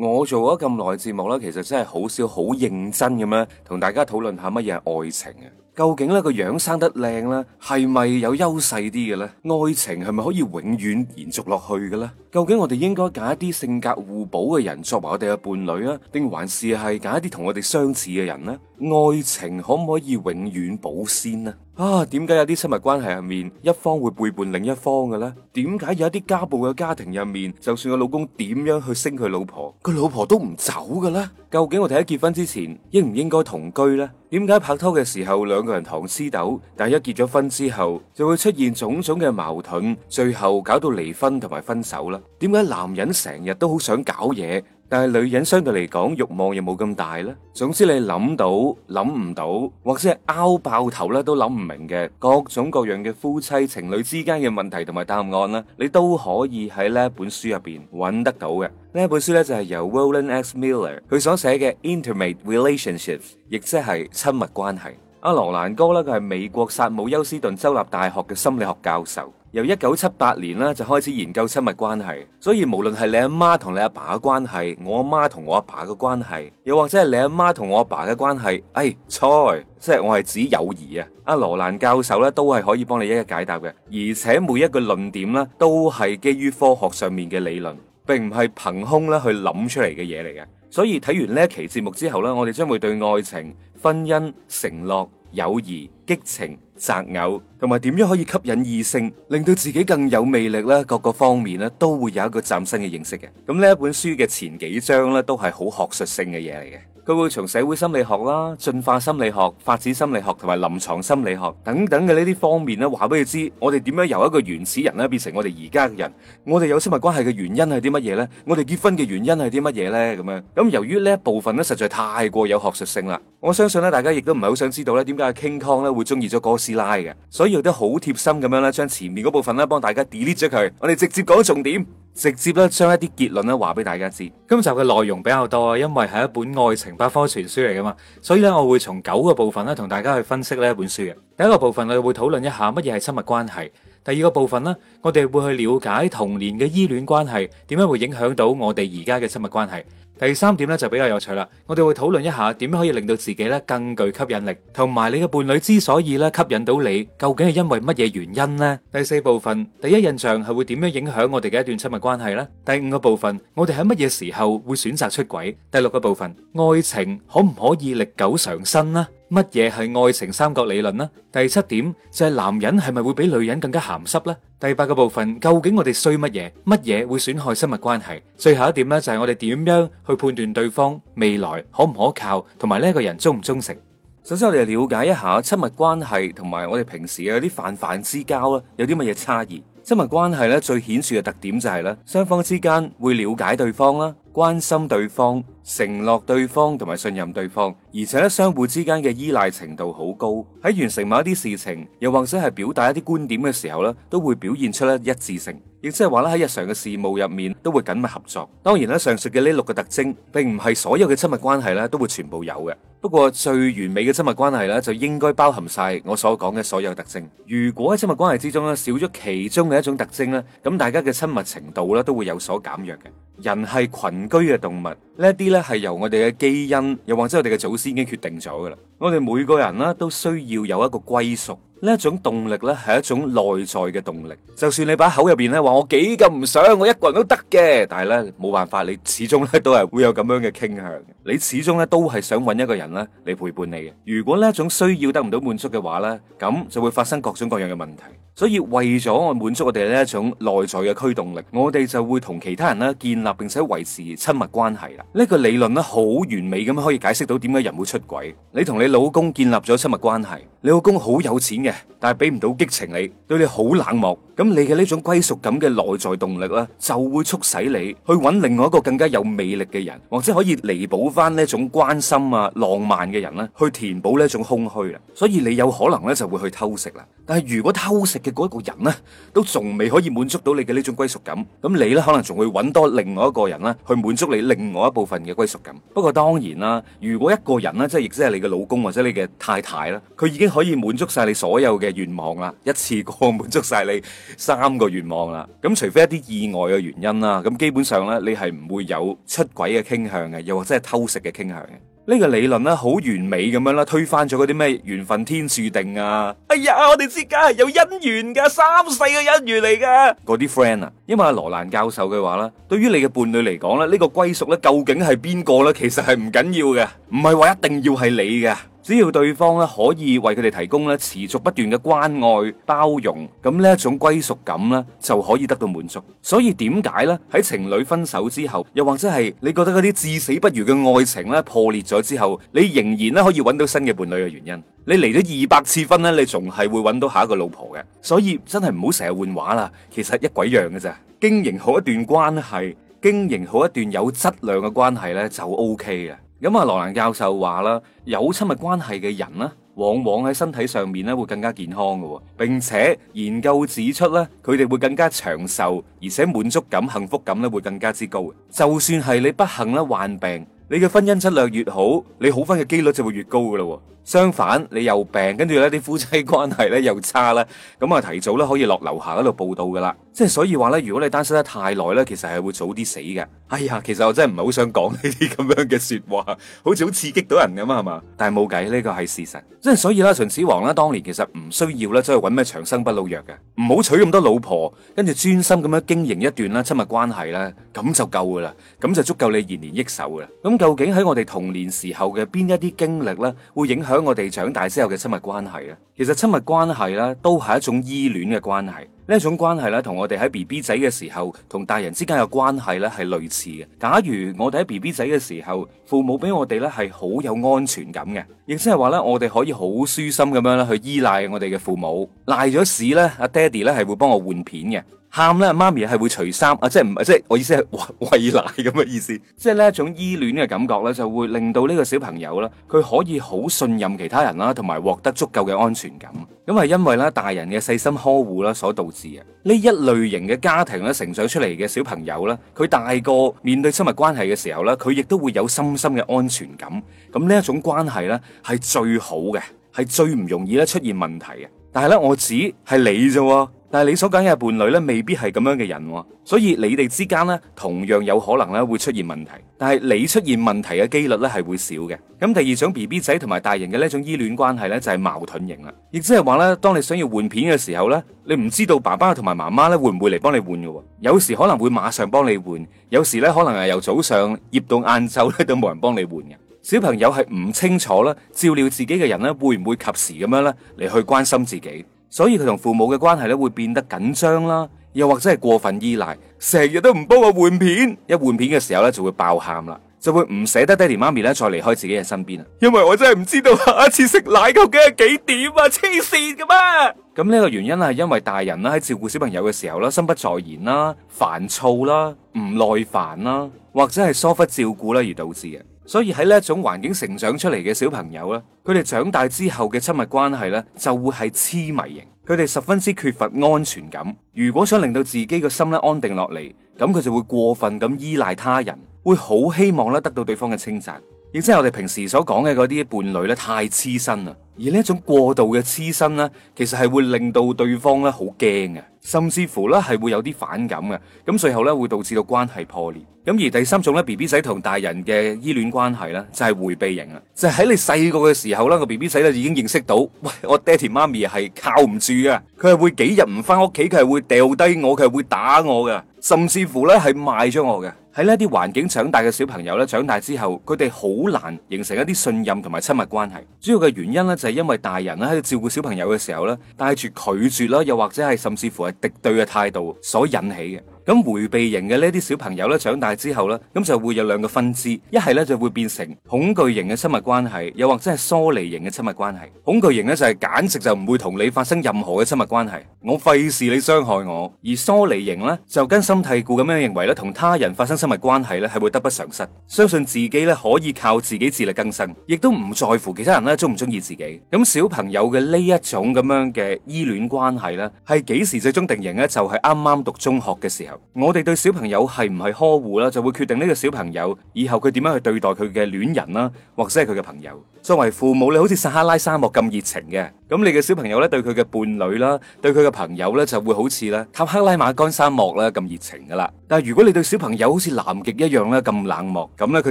我做咗咁耐節目啦，其實真係好少好認真咁樣同大家討論下乜嘢係愛情啊？究竟呢個樣生得靚咧，係咪有優勢啲嘅咧？愛情係咪可以永遠延續落去嘅咧？究竟我哋應該揀一啲性格互補嘅人作為我哋嘅伴侶啊？定還是係揀一啲同我哋相似嘅人呢？愛情可唔可以永遠保鮮呢？啊，點解有啲親密關係入面，一方會背叛另一方嘅咧？點解有一啲家暴嘅家庭入面，就算個老公點樣去升佢老婆，佢老婆都唔走嘅咧？究竟我哋喺結婚之前，應唔應該同居呢？點解拍拖嘅時候，兩個人糖黐豆，但係一結咗婚之後，就會出現種種嘅矛盾，最後搞到離婚同埋分手啦？點解男人成日都好想搞嘢？但係女人相對嚟講，欲望又冇咁大啦，總之你諗到諗唔到，或者係拗爆頭咧都諗唔明嘅各種各樣嘅夫妻情侶之間嘅問題同埋答案啦，你都可以喺呢一本書入邊揾得到嘅。呢一本書咧就係由 Rowland S. Miller 佢所寫嘅 Intimate Relationships，亦即係親密關係。阿羅蘭哥咧佢係美國薩姆休斯頓州立大學嘅心理學教授。由一九七八年咧就開始研究親密關係，所以無論係你阿媽同你阿爸嘅關係，我阿媽同我阿爸嘅關係，又或者係你阿媽同我阿爸嘅關係，誒，錯，即係我係指友誼啊！阿羅蘭教授咧都係可以幫你一一解答嘅，而且每一個論點咧都係基於科學上面嘅理論，並唔係憑空咧去諗出嚟嘅嘢嚟嘅。所以睇完呢一期節目之後咧，我哋將會對愛情、婚姻、承諾。友誼、激情、擇偶，同埋點樣可以吸引異性，令到自己更有魅力咧，各個方面咧都會有一個嶄新嘅認識嘅。咁呢一本書嘅前幾章咧，都係好學術性嘅嘢嚟嘅。佢會從社會心理學啦、進化心理學、發展心理學同埋臨床心理學等等嘅呢啲方面咧，話俾你知我哋點樣由一個原始人咧變成我哋而家嘅人。我哋有親密關係嘅原因係啲乜嘢呢？我哋結婚嘅原因係啲乜嘢呢？咁樣咁由於呢一部分咧，實在太過有學術性啦。我相信咧，大家亦都唔係好想知道咧，點解 King Kong 咧會中意咗哥斯拉嘅。所以我都好貼心咁樣咧，將前面嗰部分咧幫大家 delete 咗佢。我哋直接講重點，直接咧將一啲結論咧話俾大家知。今集嘅內容比較多，因為係一本愛情。百科全書嚟噶嘛，所以咧，我會從九個部分咧，同大家去分析呢一本書嘅。第一個部分我哋會討論一下乜嘢係親密關係。第二個部分呢，我哋會去了解童年嘅依戀關係點樣會影響到我哋而家嘅親密關係。第三點呢，就比較有趣啦，我哋會討論一下點樣可以令到自己呢，更具吸引力，同埋你嘅伴侶之所以咧吸引到你，究竟係因為乜嘢原因呢？第四部分，第一印象係會點樣影響我哋嘅一段親密關係呢？第五個部分，我哋喺乜嘢時候會選擇出軌？第六個部分，愛情可唔可以歷久常新呢？乜嘢係愛情三角理論呢？第七點就係男人係咪會比女人更加鹹濕呢？第八個部分，究竟我哋衰乜嘢？乜嘢會損害親密關係？最後一點咧就係我哋點樣去判斷對方未來可唔可靠，同埋呢個人忠唔忠誠？首先我哋了解一下親密關係同埋我哋平時有啲泛泛之交啦，有啲乜嘢差異？親密關係咧最顯著嘅特點就係咧，雙方之間會了解對方啦，關心對方。承諾對方同埋信任對方，而且咧相互之間嘅依賴程度好高。喺完成某一啲事情，又或者係表達一啲觀點嘅時候咧，都會表現出咧一致性。亦即係話咧喺日常嘅事務入面都會緊密合作。當然咧，上述嘅呢六個特徵，並唔係所有嘅親密關係咧都會全部有嘅。不過最完美嘅親密關係咧就應該包含晒我所講嘅所有特徵。如果喺親密關係之中咧少咗其中嘅一種特徵咧，咁大家嘅親密程度咧都會有所減弱嘅。人係群居嘅動物。呢啲呢係由我哋嘅基因，又或者我哋嘅祖先已經決定咗噶啦。我哋每個人呢都需要有一個歸屬，呢一種動力呢係一種內在嘅動力。就算你把口入邊呢話我幾咁唔想，我一個人都得嘅，但係呢冇辦法，你始終呢都係會有咁樣嘅傾向。你始終呢都係想揾一個人呢嚟陪伴你嘅。如果呢一種需要得唔到滿足嘅話呢，咁就會發生各種各樣嘅問題。所以為咗我滿足我哋呢一種內在嘅驅動力，我哋就會同其他人咧建立並且維持親密關係啦。呢個理論咧好完美咁可以解釋到點解人會出軌。你同你老公建立咗親密關係，你老公好有錢嘅，但係俾唔到激情你，對你好冷漠。咁你嘅呢種歸屬感嘅內在動力咧，就會促使你去揾另外一個更加有魅力嘅人，或者可以彌補翻呢一種關心啊浪漫嘅人咧，去填補呢一種空虛啊。所以你有可能咧就會去偷食啦。但係如果偷食嗰一個人呢，都仲未可以滿足到你嘅呢種歸屬感。咁你呢，可能仲會揾多另外一個人呢，去滿足你另外一部分嘅歸屬感。不過當然啦，如果一個人呢，即係亦即係你嘅老公或者你嘅太太啦，佢已經可以滿足晒你所有嘅願望啦，一次過滿足晒你三個願望啦。咁除非一啲意外嘅原因啦，咁基本上呢，你係唔會有出軌嘅傾向嘅，又或者係偷食嘅傾向嘅。呢個理論咧好完美咁樣啦，推翻咗嗰啲咩緣分天注定啊！哎呀，我哋之間係有姻緣噶，三世嘅姻緣嚟噶。嗰啲 friend 啊，因為阿羅蘭教授嘅話啦，對於你嘅伴侶嚟講咧，呢、呢個歸屬咧究竟係邊個咧？其實係唔緊要嘅，唔係話一定要係你嘅。只要對方咧可以為佢哋提供咧持續不斷嘅關愛、包容，咁呢一種歸屬感呢，就可以得到滿足。所以點解呢？喺情侶分手之後，又或者係你覺得嗰啲至死不渝嘅愛情咧破裂咗之後，你仍然咧可以揾到新嘅伴侶嘅原因？你嚟咗二百次婚呢，你仲係會揾到下一個老婆嘅。所以真係唔好成日換畫啦，其實一鬼樣嘅啫。經營好一段關係，經營好一段有質量嘅關係呢，就 O K 嘅。咁啊，羅蘭教授話啦，有親密關係嘅人呢，往往喺身體上面呢會更加健康嘅，並且研究指出呢，佢哋會更加長壽，而且滿足感、幸福感呢會更加之高。就算係你不幸呢，患病，你嘅婚姻質量越好，你好翻嘅幾率就會越高噶啦。相反，你又病，跟住呢啲夫妻關係呢又差啦，咁啊提早咧可以落樓下嗰度報到噶啦。即係所以話呢，如果你單身得太耐呢，其實係會早啲死嘅。哎呀，其實我真係唔係好想講呢啲咁樣嘅説話，好似好刺激到人咁啊，係嘛？但係冇計，呢個係事實。即係所以啦，秦始皇呢當年其實唔需要呢，即係揾咩長生不老藥嘅，唔好娶咁多老婆，跟住專心咁樣經營一段啦親密關係啦，咁就夠噶啦，咁就足夠你延年益壽噶啦。咁究竟喺我哋童年時候嘅邊一啲經歷呢，會影響我哋長大之後嘅親密關係咧，其實親密關係咧都係一種依戀嘅關係。呢一種關係咧，同我哋喺 BB 仔嘅時候同大人之間嘅關係咧係類似嘅。假如我哋喺 BB 仔嘅時候，父母俾我哋咧係好有安全感嘅，亦即係話咧我哋可以好舒心咁樣咧去依賴我哋嘅父母，賴咗屎咧，阿爹哋咧係會幫我換片嘅。喊呢，媽咪係會除衫，即，即，我意思係餵奶咁嘅意思。即，呢一種依戀嘅感覺呢，就會令到呢個小朋友呢，佢可以好信任其他人啦，同埋獲得足夠嘅安全感。咁，係因為呢，大人嘅細心呵護啦，所導致嘅。呢一類型嘅家庭呢，成長出嚟嘅小朋友呢，佢大個面對親密關係嘅時候呢，佢亦都會有深深嘅安全感。咁，呢一種關係呢，係最好嘅，係最唔容易出現問題嘅。但係呢，我指，係你咋喎。但係你所講嘅伴侶咧，未必係咁樣嘅人喎，所以你哋之間咧，同樣有可能咧會出現問題。但係你出現問題嘅幾率咧係會少嘅。咁第二種 BB 仔同埋大人嘅呢種依戀關係咧就係、是、矛盾型啦，亦即係話咧，當你想要換片嘅時候咧，你唔知道爸爸同埋媽媽咧會唔會嚟幫你換嘅喎。有時可能會馬上幫你換，有時咧可能係由早上熱到晏晝咧都冇人幫你換嘅。小朋友係唔清楚啦，照料自己嘅人咧會唔會及時咁樣咧嚟去關心自己？所以佢同父母嘅關係咧會變得緊張啦，又或者係過分依賴，成日都唔幫我換片，一換片嘅時候咧就會爆喊啦，就會唔捨得爹哋媽咪咧再離開自己嘅身邊啊！因為我真係唔知道下一次食奶究竟係幾點啊！黐線㗎咩？咁呢個原因係因為大人啦，喺照顧小朋友嘅時候啦，心不在焉啦、煩躁啦、唔耐煩啦，或者係疏忽照顧啦，而導致嘅。所以喺呢一種環境成長出嚟嘅小朋友咧，佢哋長大之後嘅親密關係咧，就會係癡迷型。佢哋十分之缺乏安全感。如果想令到自己嘅心咧安定落嚟，咁佢就會過分咁依賴他人，會好希望咧得到對方嘅稱讚，亦即係我哋平時所講嘅嗰啲伴侶咧太黐身啦。而呢一種過度嘅黐身咧，其實係會令到對方咧好驚嘅，甚至乎咧係會有啲反感嘅。咁最後咧會導致到關係破裂。咁而第三種咧，BB 仔同大人嘅依戀關係咧，就係迴避型啊，就喺你細個嘅時候咧，個 BB 仔咧已經認識到，喂，我爹哋媽咪係靠唔住嘅，佢係會幾日唔返屋企，佢係會掉低我，佢係會打我嘅，甚至乎咧係賣咗我嘅。喺呢一啲環境長大嘅小朋友咧，長大之後佢哋好難形成一啲信任同埋親密關係。主要嘅原因咧就係。係因為大人咧喺度照顧小朋友嘅時候咧，帶住拒絕啦，又或者係甚至乎係敵對嘅態度所引起嘅。咁回避型嘅呢啲小朋友咧，長大之後咧，咁就會有兩個分支，一係咧就會變成恐懼型嘅親密關係，又或者係疏離型嘅親密關係。恐懼型咧就係簡直就唔會同你發生任何嘅親密關係，我費事你傷害我。而疏離型咧就根深蒂固咁樣認為咧，同他人發生親密關係咧係會得不償失，相信自己咧可以靠自己自力更生，亦都唔在乎其他人咧中唔中意自己。咁小朋友嘅呢一種咁樣嘅依戀關係咧，係幾時最終定型咧？就係啱啱讀中學嘅時候。我哋對小朋友係唔係呵護啦，就會決定呢個小朋友以後佢點樣去對待佢嘅戀人啦，或者係佢嘅朋友。作為父母，你好似撒哈拉沙漠咁熱情嘅，咁你嘅小朋友咧對佢嘅伴侶啦，對佢嘅朋友咧就會好似咧塔克拉瑪干沙漠啦咁熱情噶啦。但係如果你對小朋友好似南極一樣咧咁冷漠，咁咧佢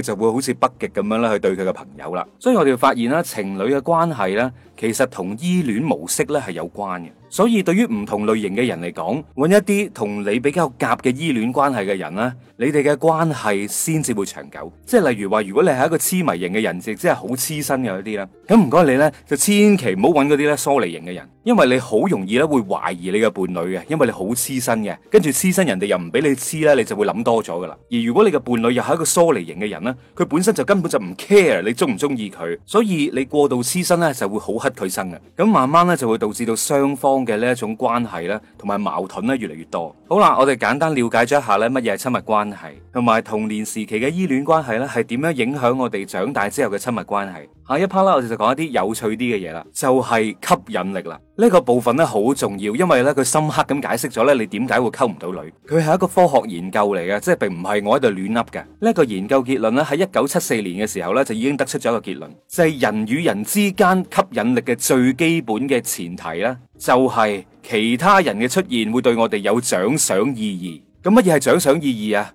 就會好似北極咁樣咧去對佢嘅朋友啦。所以我哋發現啦，情侶嘅關係咧，其實同依戀模式咧係有關嘅。所以對於唔同類型嘅人嚟講，揾一啲同你比較夾嘅依戀關係嘅人啦，你哋嘅關係先至會長久。即係例如話，如果你係一個痴迷型嘅人，即係好黐身嘅嗰啲啦，咁唔該你咧就千祈唔好揾嗰啲咧疏離型嘅人，因為你好容易咧會懷疑你嘅伴侶嘅，因為你好黐身嘅，跟住黐身人哋又唔俾你黐咧，你就會諗多咗噶啦。而如果你嘅伴侶又係一個疏離型嘅人咧，佢本身就根本就唔 care 你中唔中意佢，所以你過度黐身咧就會好乞佢憎嘅，咁慢慢咧就會導致到雙方。嘅呢一種關係咧，同埋矛盾咧，越嚟越多。好啦，我哋簡單了解咗一下咧，乜嘢係親密關係，同埋童年時期嘅依戀關係咧，係點樣影響我哋長大之後嘅親密關係。下一 part 啦，我哋就講一啲有趣啲嘅嘢啦，就係吸引力啦。呢個部分咧好重要，因為咧佢深刻咁解釋咗咧你點解會溝唔到女。佢係一個科學研究嚟嘅，即係並唔係我喺度亂噏嘅。呢、這、一個研究結論咧喺一九七四年嘅時候咧就已經得出咗一個結論，就係、是、人與人之間吸引力嘅最基本嘅前提咧就係、是、其他人嘅出現會對我哋有獎賞意義。咁乜嘢係獎賞意義啊？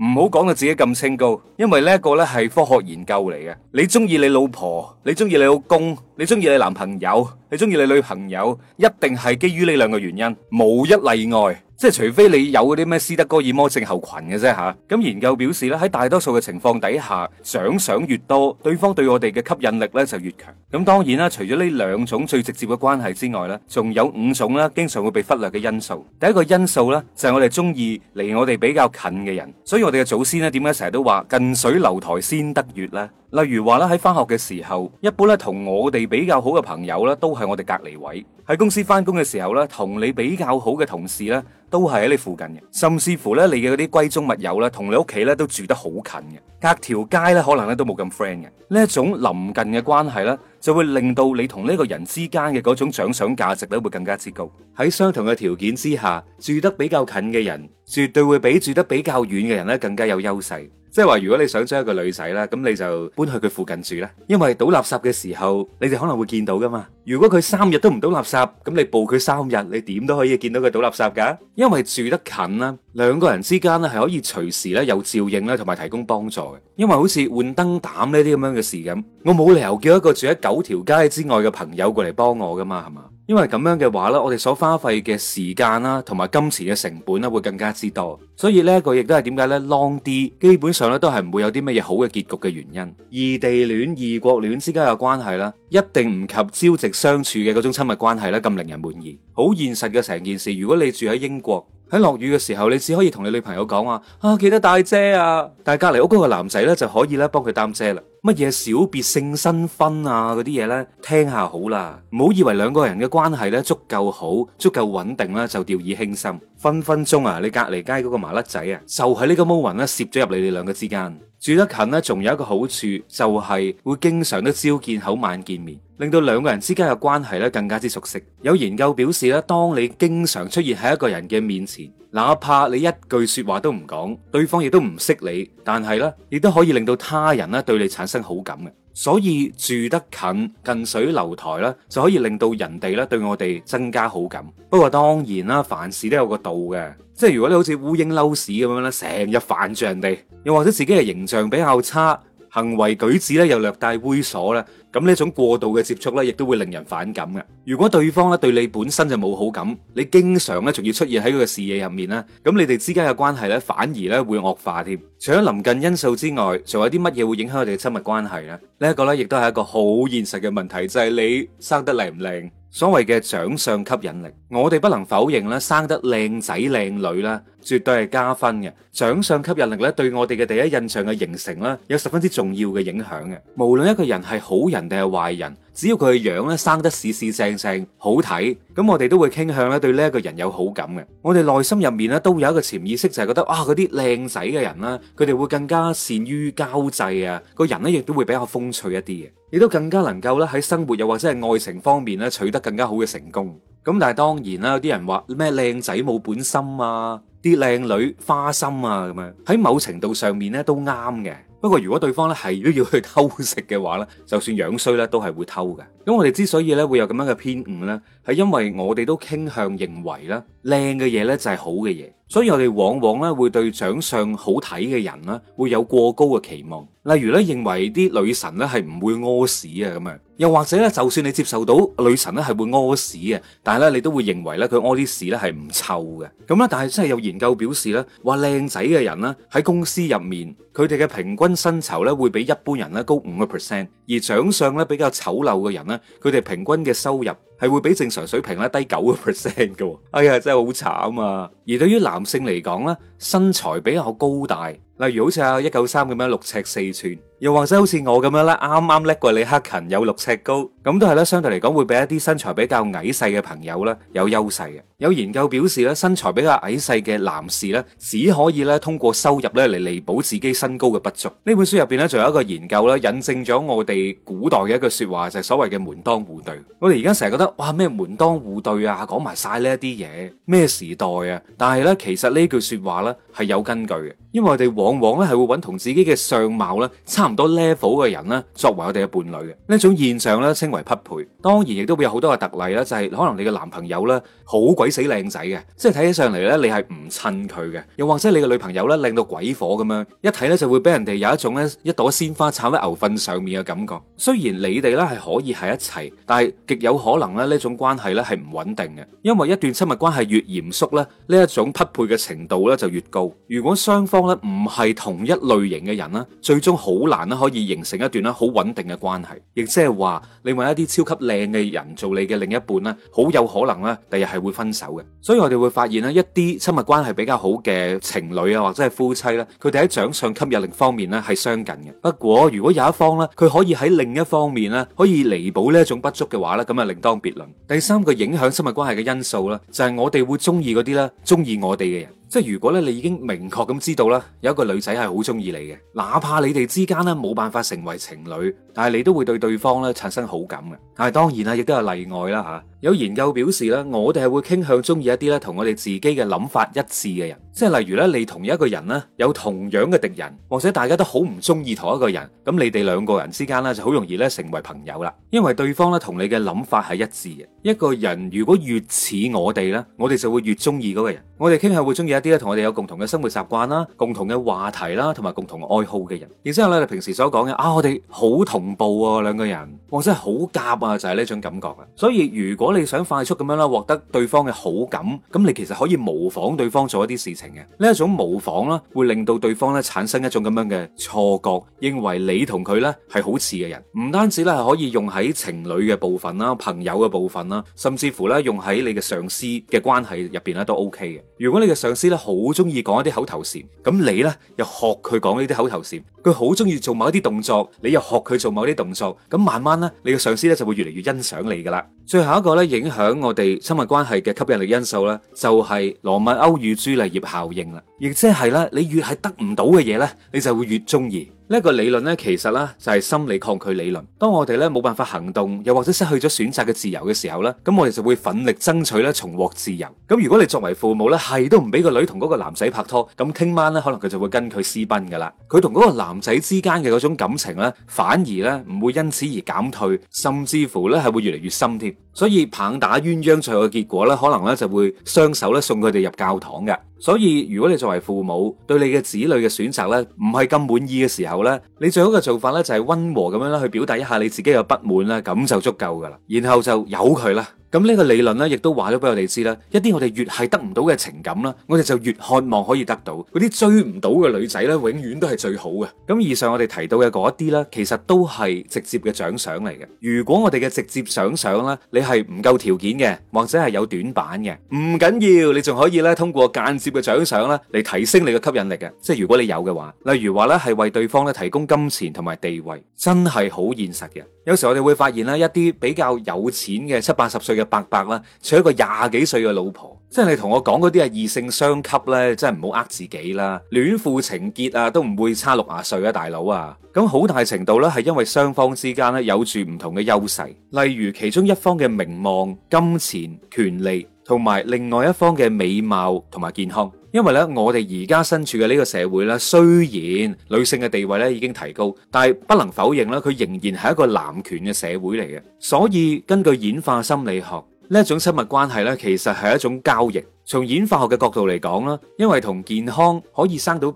唔好講到自己咁清高，因為呢一個咧係科學研究嚟嘅。你中意你老婆，你中意你老公，你中意你男朋友，你中意你女朋友，一定係基於呢兩個原因，無一例外。即係除非你有嗰啲咩斯德哥爾摩症候群嘅啫吓，咁、啊、研究表示咧喺大多數嘅情況底下，獎賞越多，對方對我哋嘅吸引力咧就越強。咁當然啦，除咗呢兩種最直接嘅關係之外咧，仲有五種啦，經常會被忽略嘅因素。第一個因素咧就係、是、我哋中意離我哋比較近嘅人，所以我哋嘅祖先咧點解成日都話近水樓台先得月咧？例如話咧喺返學嘅時候，一般咧同我哋比較好嘅朋友咧都係我哋隔籬位；喺公司返工嘅時候咧，同你比較好嘅同事咧都係喺你附近嘅。甚至乎咧你嘅啲閨中密友咧，同你屋企咧都住得好近嘅，隔條街咧可能咧都冇咁 friend 嘅。呢一種臨近嘅關係咧，就會令到你同呢個人之間嘅嗰種獎賞價值咧會更加之高。喺相同嘅條件之下，住得比較近嘅人，絕對會比住得比較遠嘅人咧更加有優勢。即係話，如果你想追一個女仔咧，咁你就搬去佢附近住啦，因為倒垃圾嘅時候，你哋可能會見到噶嘛。如果佢三日都唔倒垃圾，咁你報佢三日，你點都可以見到佢倒垃圾噶。因為住得近啦，兩個人之間咧係可以隨時咧有照應咧，同埋提供幫助嘅。因為好似換燈膽呢啲咁樣嘅事咁，我冇理由叫一個住喺九條街之外嘅朋友過嚟幫我噶嘛，係嘛？因為咁樣嘅話咧，我哋所花費嘅時間啦、啊，同埋金錢嘅成本咧、啊，會更加之多。所以呢一、呢個亦都係點解呢，Long D 基本上咧都係唔會有啲乜嘢好嘅結局嘅原因。異地戀、異國戀之間嘅關係咧，一定唔及朝夕相處嘅嗰種親密關係呢咁令人滿意。好現實嘅成件事，如果你住喺英國。喺落雨嘅時候，你只可以同你女朋友講話啊，記得帶遮啊。但係隔籬屋嗰個男仔呢，就可以咧幫佢擔遮啦。乜嘢小別勝新婚啊，嗰啲嘢呢，聽下好啦。唔好以為兩個人嘅關係呢，足夠好、足夠穩定啦，就掉以輕心。分分鐘啊，你隔籬街嗰個麻甩仔啊，就喺呢個 moment 呢攝咗入你哋兩個之間。住得近呢，仲有一個好處就係會經常都朝見口晚見面。令到兩個人之間嘅關係咧更加之熟悉。有研究表示咧，當你經常出現喺一個人嘅面前，哪怕你一句説話都唔講，對方亦都唔識你，但係咧，亦都可以令到他人咧對你產生好感嘅。所以住得近，近水樓台咧，就可以令到人哋咧對我哋增加好感。不過當然啦，凡事都有個度嘅，即係如果你好似烏蠅嬲屎咁樣咧，成日煩住人哋，又或者自己嘅形象比較差。行為舉止咧又略帶猥瑣啦，咁呢種過度嘅接觸咧，亦都會令人反感嘅。如果對方咧對你本身就冇好感，你經常咧仲要出現喺佢嘅視野入面咧，咁你哋之間嘅關係咧反而咧會惡化添。除咗臨近因素之外，仲有啲乜嘢會影響我哋嘅親密關係咧？呢一個咧亦都係一個好現實嘅問題，就係你生得靚唔靚？所謂嘅長相吸引力，我哋不能否認咧，生得靚仔靚女啦，絕對係加分嘅。長相吸引力咧，對我哋嘅第一印象嘅形成啦，有十分之重要嘅影響嘅。無論一個人係好人定係壞人，只要佢嘅樣咧，生得四四正正好睇，咁我哋都會傾向咧對呢一個人有好感嘅。我哋內心入面咧都有一個潛意識，就係覺得哇，嗰啲靚仔嘅人咧，佢哋會更加善於交際啊，個人咧亦都會比較風趣一啲嘅，亦都更加能夠咧喺生活又或者係愛情方面咧取得更加好嘅成功。咁但係當然啦，有啲人話咩靚仔冇本心啊，啲靚女花心啊，咁樣喺某程度上面咧都啱嘅。不過如果對方咧係如果要去偷食嘅話咧，就算樣衰咧都係會偷嘅。咁我哋之所以咧會有咁樣嘅偏誤咧，係因為我哋都傾向認為啦，靚嘅嘢咧就係好嘅嘢。所以我哋往往咧會對長相好睇嘅人咧會有過高嘅期望，例如咧認為啲女神咧係唔會屙屎啊咁樣，又或者咧就算你接受到女神咧係會屙屎嘅，但係咧你都會認為咧佢屙啲屎咧係唔臭嘅。咁、嗯、咧但係真係有研究表示咧話靚仔嘅人咧喺公司入面佢哋嘅平均薪酬咧會比一般人咧高五個 percent，而長相咧比較醜陋嘅人咧佢哋平均嘅收入，係會比正常水平咧低九個 percent 噶，哦、哎呀真係好慘啊！而對於男性嚟講咧，身材比較高大。例如好似啊一九三咁樣六尺四寸，又或者好似我咁樣咧，啱啱叻過李克勤有六尺高，咁都係咧相對嚟講會俾一啲身材比較矮細嘅朋友咧有優勢嘅。有研究表示咧，身材比較矮細嘅男士咧，只可以咧通過收入咧嚟彌補自己身高嘅不足。呢本書入邊咧仲有一個研究咧，引證咗我哋古代嘅一句說話，就係所謂嘅門當戶對。我哋而家成日覺得哇咩門當戶對啊，講埋晒呢一啲嘢咩時代啊，但係咧其實呢句說話咧係有根據嘅，因為我哋往往往咧係會搵同自己嘅相貌咧差唔多 level 嘅人咧作為我哋嘅伴侶嘅，呢種現象咧稱為匹配。當然亦都會有好多嘅特例啦，就係可能你嘅男朋友咧好鬼死靚仔嘅，即係睇起上嚟咧你係唔襯佢嘅。又或者你嘅女朋友咧靚到鬼火咁樣，一睇咧就會俾人哋有一種咧一朵鮮花插喺牛糞上面嘅感覺。雖然你哋咧係可以喺一齊，但係極有可能咧呢種關係咧係唔穩定嘅，因為一段親密關係越嚴肅咧呢一種匹配嘅程度咧就越高。如果雙方咧唔，係同一類型嘅人啦，最終好難啦可以形成一段啦好穩定嘅關係，亦即係話你揾一啲超級靚嘅人做你嘅另一半啦，好有可能咧第日係會分手嘅。所以我哋會發現咧，一啲親密關係比較好嘅情侶啊或者係夫妻咧，佢哋喺長相吸引力方面咧係相近嘅。不過如果有一方咧佢可以喺另一方面咧可以彌補呢一種不足嘅話咧，咁啊另當別論。第三個影響親密關係嘅因素咧，就係、是、我哋會中意嗰啲咧中意我哋嘅人。即係如果咧，你已經明確咁知道啦，有一個女仔係好鍾意你嘅，哪怕你哋之間咧冇辦法成為情侶，但係你都會對對方咧產生好感嘅。但係當然啦，亦都有例外啦嚇。啊有研究表示咧，我哋係會傾向中意一啲咧同我哋自己嘅諗法一致嘅人，即係例如咧，你同一個人呢，有同樣嘅敵人，或者大家都好唔中意同一個人，咁你哋兩個人之間咧就好容易咧成為朋友啦，因為對方咧同你嘅諗法係一致嘅。一個人如果越似我哋咧，我哋就會越中意嗰個人。我哋傾向會中意一啲咧同我哋有共同嘅生活習慣啦、共同嘅話題啦、同埋共同愛好嘅人。然之後咧，你平時所講嘅啊，我哋好同步啊，兩個人，或者好夾啊，就係呢種感覺啦。所以如果如果你想快速咁樣啦，獲得對方嘅好感，咁你其實可以模仿對方做一啲事情嘅。呢一種模仿啦，會令到對方咧產生一種咁樣嘅錯覺，認為你同佢咧係好似嘅人。唔單止咧係可以用喺情侶嘅部分啦、朋友嘅部分啦，甚至乎咧用喺你嘅上司嘅關係入邊咧都 OK 嘅。如果你嘅上司咧好中意講一啲口頭禪，咁你咧又學佢講呢啲口頭禪。佢好中意做某一啲動作，你又學佢做某啲動作。咁慢慢咧，你嘅上司咧就會越嚟越欣賞你噶啦。最後一個咧。影響我哋親密關係嘅吸引力因素咧，就係羅密歐與朱麗葉效應啦。亦即係咧，你越係得唔到嘅嘢咧，你就會越中意呢個理論咧。其實咧就係心理抗拒理論。當我哋咧冇辦法行動，又或者失去咗選擇嘅自由嘅時候咧，咁我哋就會奮力爭取咧，重獲自由。咁如果你作為父母咧，係都唔俾個女同嗰個男仔拍拖，咁聽晚咧可能佢就會跟佢私奔噶啦。佢同嗰個男仔之間嘅嗰種感情咧，反而咧唔會因此而減退，甚至乎咧係會越嚟越深添。所以棒打鴛鴦最後嘅結果咧，可能咧就會雙手咧送佢哋入教堂嘅。所以，如果你作為父母對你嘅子女嘅選擇呢，唔係咁滿意嘅時候呢，你最好嘅做法呢，就係溫和咁樣去表達一下你自己嘅不滿啦，咁就足夠噶啦，然後就由佢啦。咁呢個理論呢，亦都話咗俾我哋知啦，一啲我哋越係得唔到嘅情感啦，我哋就越渴望可以得到。嗰啲追唔到嘅女仔呢，永遠都係最好嘅。咁以上我哋提到嘅嗰一啲呢，其實都係直接嘅獎賞嚟嘅。如果我哋嘅直接獎賞呢，你係唔夠條件嘅，或者係有短板嘅，唔緊要，你仲可以呢通過間接嘅獎賞呢嚟提升你嘅吸引力嘅。即係如果你有嘅話，例如話呢係為對方呢提供金錢同埋地位，真係好現實嘅。有時我哋會發現啦，一啲比較有錢嘅七八十歲嘅伯伯啦，娶一個廿幾歲嘅老婆，即係你同我講嗰啲係異性相吸呢，真係唔好呃自己啦。戀父情結啊，都唔會差六廿歲啊，大佬啊！咁好大程度呢係因為雙方之間呢有住唔同嘅優勢，例如其中一方嘅名望、金錢、權力。同埋另外一方嘅美貌同埋健康，因為呢，我哋而家身處嘅呢個社會呢，雖然女性嘅地位咧已經提高，但係不能否認咧，佢仍然係一個男權嘅社會嚟嘅。所以根據演化心理學，呢一種親密關係呢，其實係一種交易。從演化學嘅角度嚟講啦，因為同健康可以生到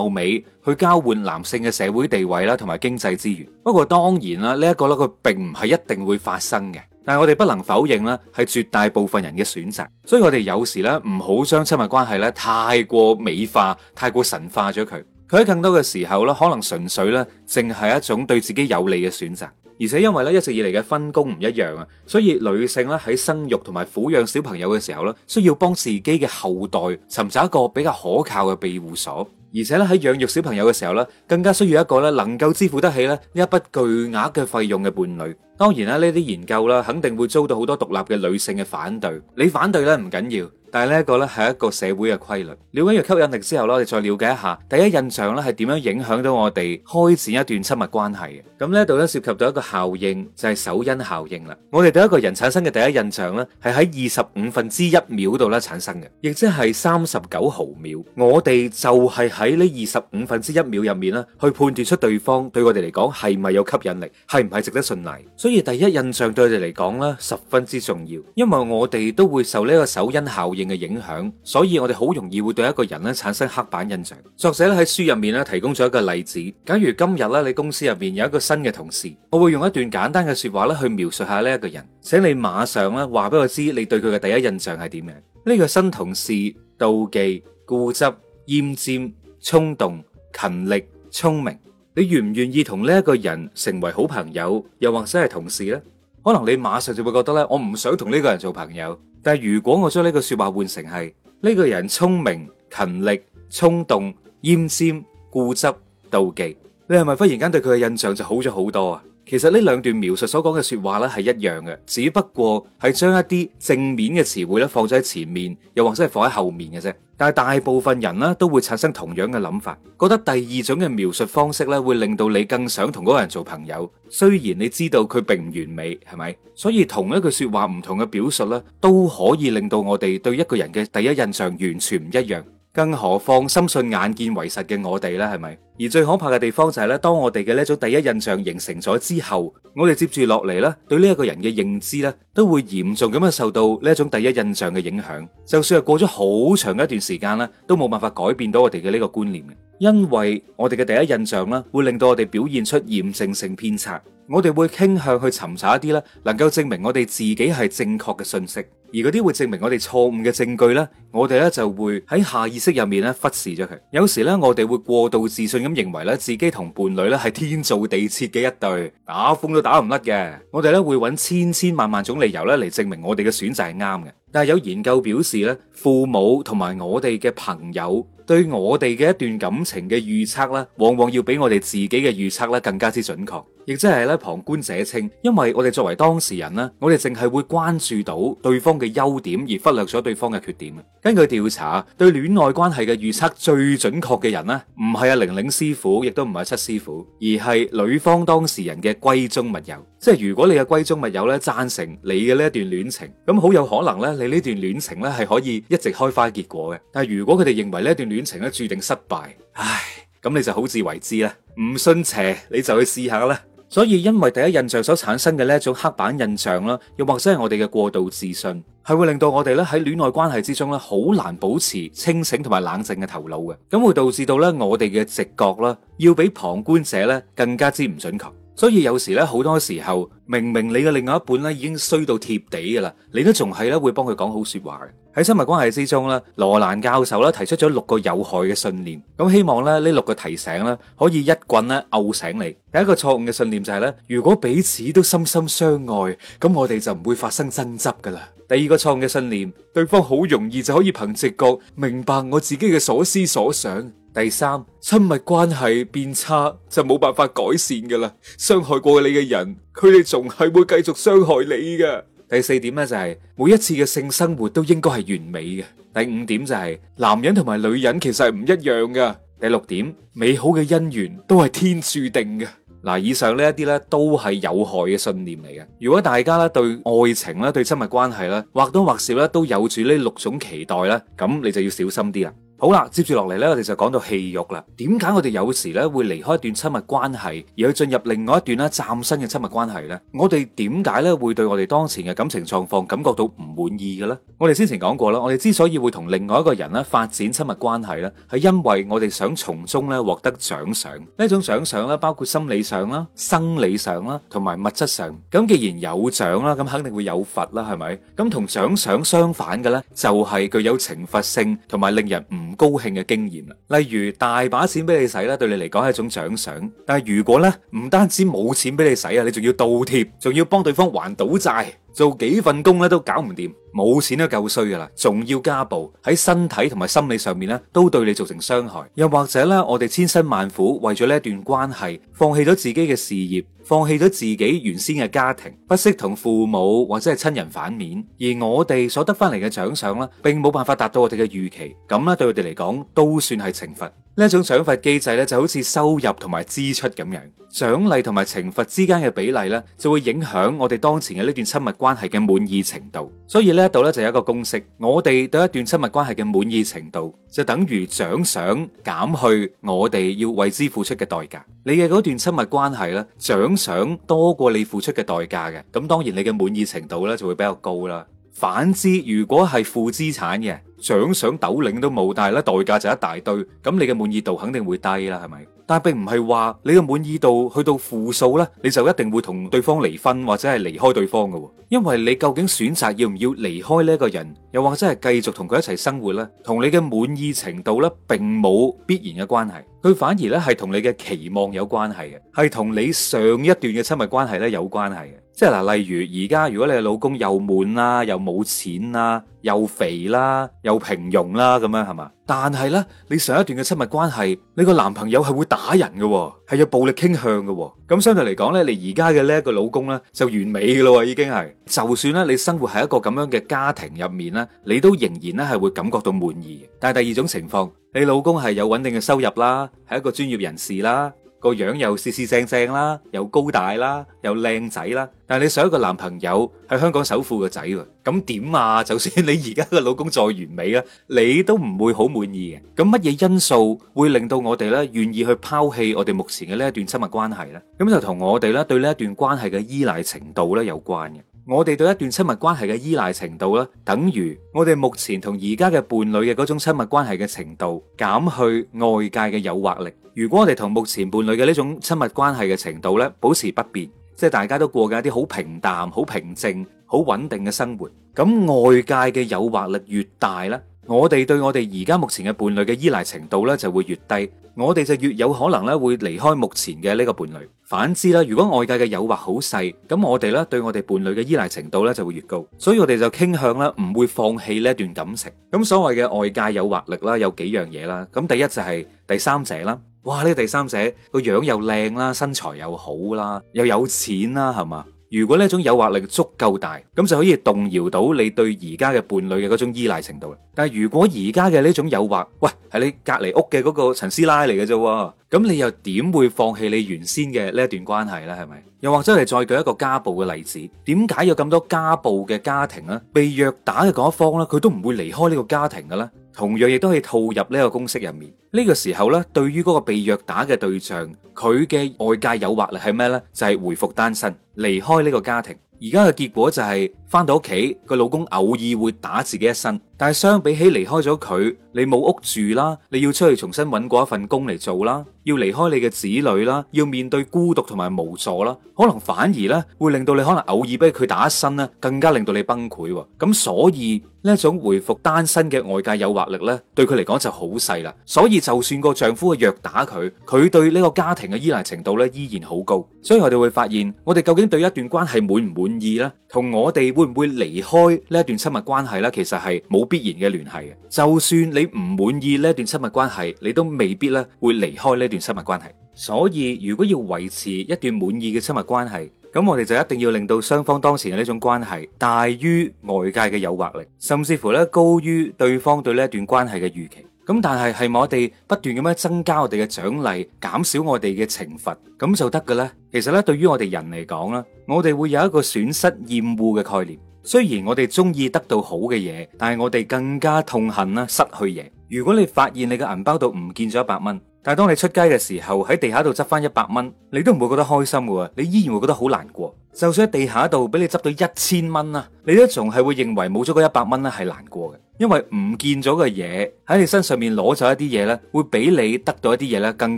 後尾去交換男性嘅社會地位啦，同埋經濟資源。不過當然啦，這個、呢一個咧佢並唔係一定會發生嘅。但係我哋不能否認啦，係絕大部分人嘅選擇。所以我哋有時咧唔好將親密關係咧太過美化，太過神化咗佢。佢喺更多嘅時候咧，可能純粹咧淨係一種對自己有利嘅選擇。而且因為咧一直以嚟嘅分工唔一樣啊，所以女性咧喺生育同埋撫養小朋友嘅時候咧，需要幫自己嘅後代尋找一個比較可靠嘅庇護所。而且咧喺養育小朋友嘅時候咧，更加需要一個咧能夠支付得起咧呢一筆巨額嘅費用嘅伴侶。當然啦，呢啲研究啦，肯定會遭到好多獨立嘅女性嘅反對。你反對咧，唔緊要。但係呢一個咧係一個社會嘅規律。了解完吸引力之後啦，我哋再了解一下第一印象咧係點樣影響到我哋開展一段親密關係嘅。咁呢度咧涉及到一個效應，就係首因效應啦。我哋對一個人產生嘅第一印象咧係喺二十五分之一秒度咧產生嘅，亦即係三十九毫秒。我哋就係喺呢二十五分之一秒入面咧去判斷出對方對我哋嚟講係咪有吸引力，係唔係值得信賴。所以第一印象對我哋嚟講咧十分之重要，因為我哋都會受呢個首因效應。嘅影響，所以我哋好容易會對一個人咧產生刻板印象。作者咧喺書入面咧提供咗一個例子：假如今日咧你公司入面有一個新嘅同事，我會用一段簡單嘅說話咧去描述下呢一個人，請你馬上咧話俾我知你對佢嘅第一印象係點嘅。呢個新同事妒忌、固執、尖尖、衝動、勤力、聰明，你願唔願意同呢一個人成為好朋友，又或者係同事呢？可能你馬上就會覺得咧，我唔想同呢個人做朋友。但如果我將呢個說話換成係呢、這個人聰明、勤力、衝動、奄尖、固執、妒忌，你係咪忽然間對佢嘅印象就好咗好多啊？其實呢兩段描述所講嘅說話呢係一樣嘅，只不過係將一啲正面嘅詞彙呢放咗喺前面，又或者係放喺後面嘅啫。但係大部分人呢都會產生同樣嘅諗法，覺得第二種嘅描述方式呢會令到你更想同嗰個人做朋友，雖然你知道佢並唔完美，係咪？所以同一句說話唔同嘅表述呢，都可以令到我哋對一個人嘅第一印象完全唔一樣。更何況深信眼見為實嘅我哋呢？係咪？而最可怕嘅地方就係咧，當我哋嘅呢種第一印象形成咗之後，我哋接住落嚟啦，對呢一個人嘅認知咧，都會嚴重咁啊受到呢一種第一印象嘅影響。就算係過咗好長嘅一段時間啦，都冇辦法改變到我哋嘅呢個觀念嘅，因為我哋嘅第一印象啦，會令到我哋表現出驗證性偏差，我哋會傾向去尋找一啲咧能夠證明我哋自己係正確嘅信息。而嗰啲會證明我哋錯誤嘅證據呢，我哋呢就會喺下意識入面咧忽視咗佢。有時呢，我哋會過度自信咁認為呢，自己同伴侶呢係天造地設嘅一對，打風都打唔甩嘅。我哋呢會揾千千萬萬種理由呢嚟證明我哋嘅選擇係啱嘅。但係有研究表示呢，父母同埋我哋嘅朋友對我哋嘅一段感情嘅預測呢，往往要比我哋自己嘅預測呢更加之準確。亦即係咧旁觀者清，因為我哋作為當事人咧，我哋淨係會關注到對方嘅優點而忽略咗對方嘅缺點。根據調查，對戀愛關係嘅預測最準確嘅人咧，唔係阿玲玲師傅，亦都唔係七師傅，而係女方當事人嘅閨中密友。即係如果你嘅閨中密友咧贊成你嘅呢一段戀情，咁好有可能咧你呢段戀情咧係可以一直開花結果嘅。但係如果佢哋認為呢一段戀情咧注定失敗，唉，咁你就好自為之啦。唔信邪你就去試下啦。所以，因為第一印象所產生嘅呢一種刻板印象啦，又或者係我哋嘅過度自信，係會令到我哋咧喺戀愛關係之中咧，好難保持清醒同埋冷靜嘅頭腦嘅，咁會導致到咧我哋嘅直覺啦，要比旁觀者咧更加之唔準確。所以有時咧，好多時候明明你嘅另外一半咧已經衰到貼地㗎啦，你都仲係咧會幫佢講好說話嘅。喺親密關係之中咧，羅蘭教授咧提出咗六個有害嘅信念，咁希望咧呢六個提醒咧可以一棍咧毆醒你。第一個錯誤嘅信念就係、是、咧，如果彼此都深深相愛，咁我哋就唔會發生爭執噶啦。第二個錯誤嘅信念，對方好容易就可以憑直覺明白我自己嘅所思所想。第三，親密關係變差就冇辦法改善噶啦，傷害過你嘅人，佢哋仲係會繼續傷害你噶。第四點咧就係每一次嘅性生活都應該係完美嘅。第五點就係男人同埋女人其實係唔一樣噶。第六點，美好嘅姻緣都係天注定嘅。嗱，以上呢一啲咧都係有害嘅信念嚟嘅。如果大家咧對愛情啦、對親密關係啦，或多或少咧都有住呢六種期待咧，咁你就要小心啲啦。好啦，接住落嚟咧，我哋就講到戲肉啦。點解我哋有時咧會離開一段親密關係，而去進入另外一段咧嶄新嘅親密關係咧？我哋點解咧會對我哋當前嘅感情狀況感覺到唔滿意嘅咧？我哋先前講過啦，我哋之所以會同另外一個人咧發展親密關係咧，係因為我哋想從中咧獲得獎賞。呢一種獎賞咧，包括心理上啦、生理上啦，同埋物質上。咁既然有獎啦，咁肯定會有罰啦，係咪？咁同獎賞相反嘅咧，就係具有懲罰性同埋令人唔高興嘅經驗，例如大把錢俾你使咧，對你嚟講係一種獎賞。但係如果咧，唔單止冇錢俾你使啊，你仲要倒貼，仲要幫對方還賭債，做幾份工咧都搞唔掂。冇錢都夠衰噶啦，仲要家暴喺身體同埋心理上面咧，都對你造成傷害。又或者咧，我哋千辛萬苦為咗呢一段關係，放棄咗自己嘅事業，放棄咗自己原先嘅家庭，不惜同父母或者係親人反面，而我哋所得翻嚟嘅獎賞咧，並冇辦法達到我哋嘅預期，咁咧對我哋嚟講都算係懲罰。呢一種獎罰機制咧，就好似收入同埋支出咁樣，獎勵同埋懲罰之間嘅比例咧，就會影響我哋當前嘅呢段親密關係嘅滿意程度。所以咧。呢一度咧，就有一個公式，我哋對一段親密關係嘅滿意程度就等於獎賞減去我哋要為之付出嘅代價。你嘅嗰段親密關係咧，獎賞多過你付出嘅代價嘅，咁當然你嘅滿意程度咧，就會比較高啦。反之，如果係負資產嘅獎賞斗零都冇，但係咧，代價就一大堆，咁你嘅滿意度肯定會低啦，係咪？但並唔係話你嘅滿意度去到負數呢，你就一定會同對方離婚或者係離開對方嘅哦，因為你究竟選擇要唔要離開呢個人，又或者係繼續同佢一齊生活呢，同你嘅滿意程度呢並冇必然嘅關係，佢反而呢係同你嘅期望有關係嘅，係同你上一段嘅親密關係呢有關係嘅。即係嗱，例如而家如果你嘅老公又悶啦，又冇錢啦，又肥啦，又平庸啦，咁樣係嘛？但係咧，你上一段嘅親密關係，你個男朋友係會打人嘅，係有暴力傾向嘅。咁相對嚟講咧，你而家嘅呢一個老公咧就完美噶啦，已經係，就算咧你生活喺一個咁樣嘅家庭入面咧，你都仍然咧係會感覺到滿意。但係第二種情況，你老公係有穩定嘅收入啦，係一個專業人士啦。個樣又四四正正啦，又高大啦，又靚仔啦。但係你想一個男朋友係香港首富嘅仔喎，咁點啊？就算你而家嘅老公再完美啦，你都唔會好滿意嘅。咁乜嘢因素會令到我哋呢願意去拋棄我哋目前嘅呢一段親密關係呢？咁就同我哋呢對呢一段關係嘅依賴程度呢有關嘅。我哋對一段親密關係嘅依賴程度咧，等於我哋目前同而家嘅伴侶嘅嗰種親密關係嘅程度減去外界嘅誘惑力。如果我哋同目前伴侶嘅呢種親密關係嘅程度咧保持不變，即係大家都過緊一啲好平淡、好平靜、好穩定嘅生活，咁外界嘅誘惑力越大咧，我哋對我哋而家目前嘅伴侶嘅依賴程度咧就會越低，我哋就越有可能咧會離開目前嘅呢個伴侶。反之啦，如果外界嘅誘惑好細，咁我哋咧對我哋伴侶嘅依賴程度咧就會越高，所以我哋就傾向咧唔會放棄呢一段感情。咁所謂嘅外界誘惑力啦，有幾樣嘢啦。咁第一就係第三者啦，哇呢個第三者個樣又靚啦，身材又好啦，又有錢啦，係嘛？如果呢種誘惑力足夠大，咁就可以動搖到你對而家嘅伴侶嘅嗰種依賴程度啦。但係如果而家嘅呢種誘惑，喂，係你隔離屋嘅嗰個陳師奶嚟嘅啫喎。咁你又點會放棄你原先嘅呢一段關係呢？係咪？又或者係再舉一個家暴嘅例子。點解有咁多家暴嘅家庭呢？被虐打嘅嗰一方呢，佢都唔會離開呢個家庭嘅咧？同樣亦都係套入呢個公式入面。呢個時候呢，對於嗰個被虐打嘅對象，佢嘅外界誘惑力係咩呢？就係回復單身，離開呢個家庭。而家嘅結果就係。翻到屋企，個老公偶爾會打自己一身，但係相比起離開咗佢，你冇屋住啦，你要出去重新揾過一份工嚟做啦，要離開你嘅子女啦，要面對孤獨同埋無助啦，可能反而咧會令到你可能偶爾俾佢打一身咧，更加令到你崩潰喎。咁所以呢一種回復單身嘅外界誘惑力咧，對佢嚟講就好細啦。所以就算個丈夫嘅虐打佢，佢對呢個家庭嘅依賴程度咧，依然好高。所以我哋會發現，我哋究竟對一段關係滿唔滿意咧，同我哋會唔會離開呢一段親密關係咧？其實係冇必然嘅聯繫嘅。就算你唔滿意呢一段親密關係，你都未必咧會離開呢段親密關係。所以如果要維持一段滿意嘅親密關係，咁我哋就一定要令到雙方當前嘅呢種關係大於外界嘅誘惑力，甚至乎咧高於對方對呢一段關係嘅預期。咁但係咪我哋不斷咁樣增加我哋嘅獎勵，減少我哋嘅懲罰，咁就得嘅咧。其實咧，對於我哋人嚟講啦，我哋會有一個損失厭惡嘅概念。雖然我哋中意得到好嘅嘢，但係我哋更加痛恨啦失去嘢。如果你發現你嘅銀包度唔見咗一百蚊。但係當你出街嘅時候喺地下度執翻一百蚊，你都唔會覺得開心嘅，你依然會覺得好難過。就算喺地下度俾你執到一千蚊呀，你都仲係會認為冇咗嗰一百蚊咧係難過嘅，因為唔見咗嘅嘢，喺你身上面攞走一啲嘢咧，會比你得到一啲嘢咧更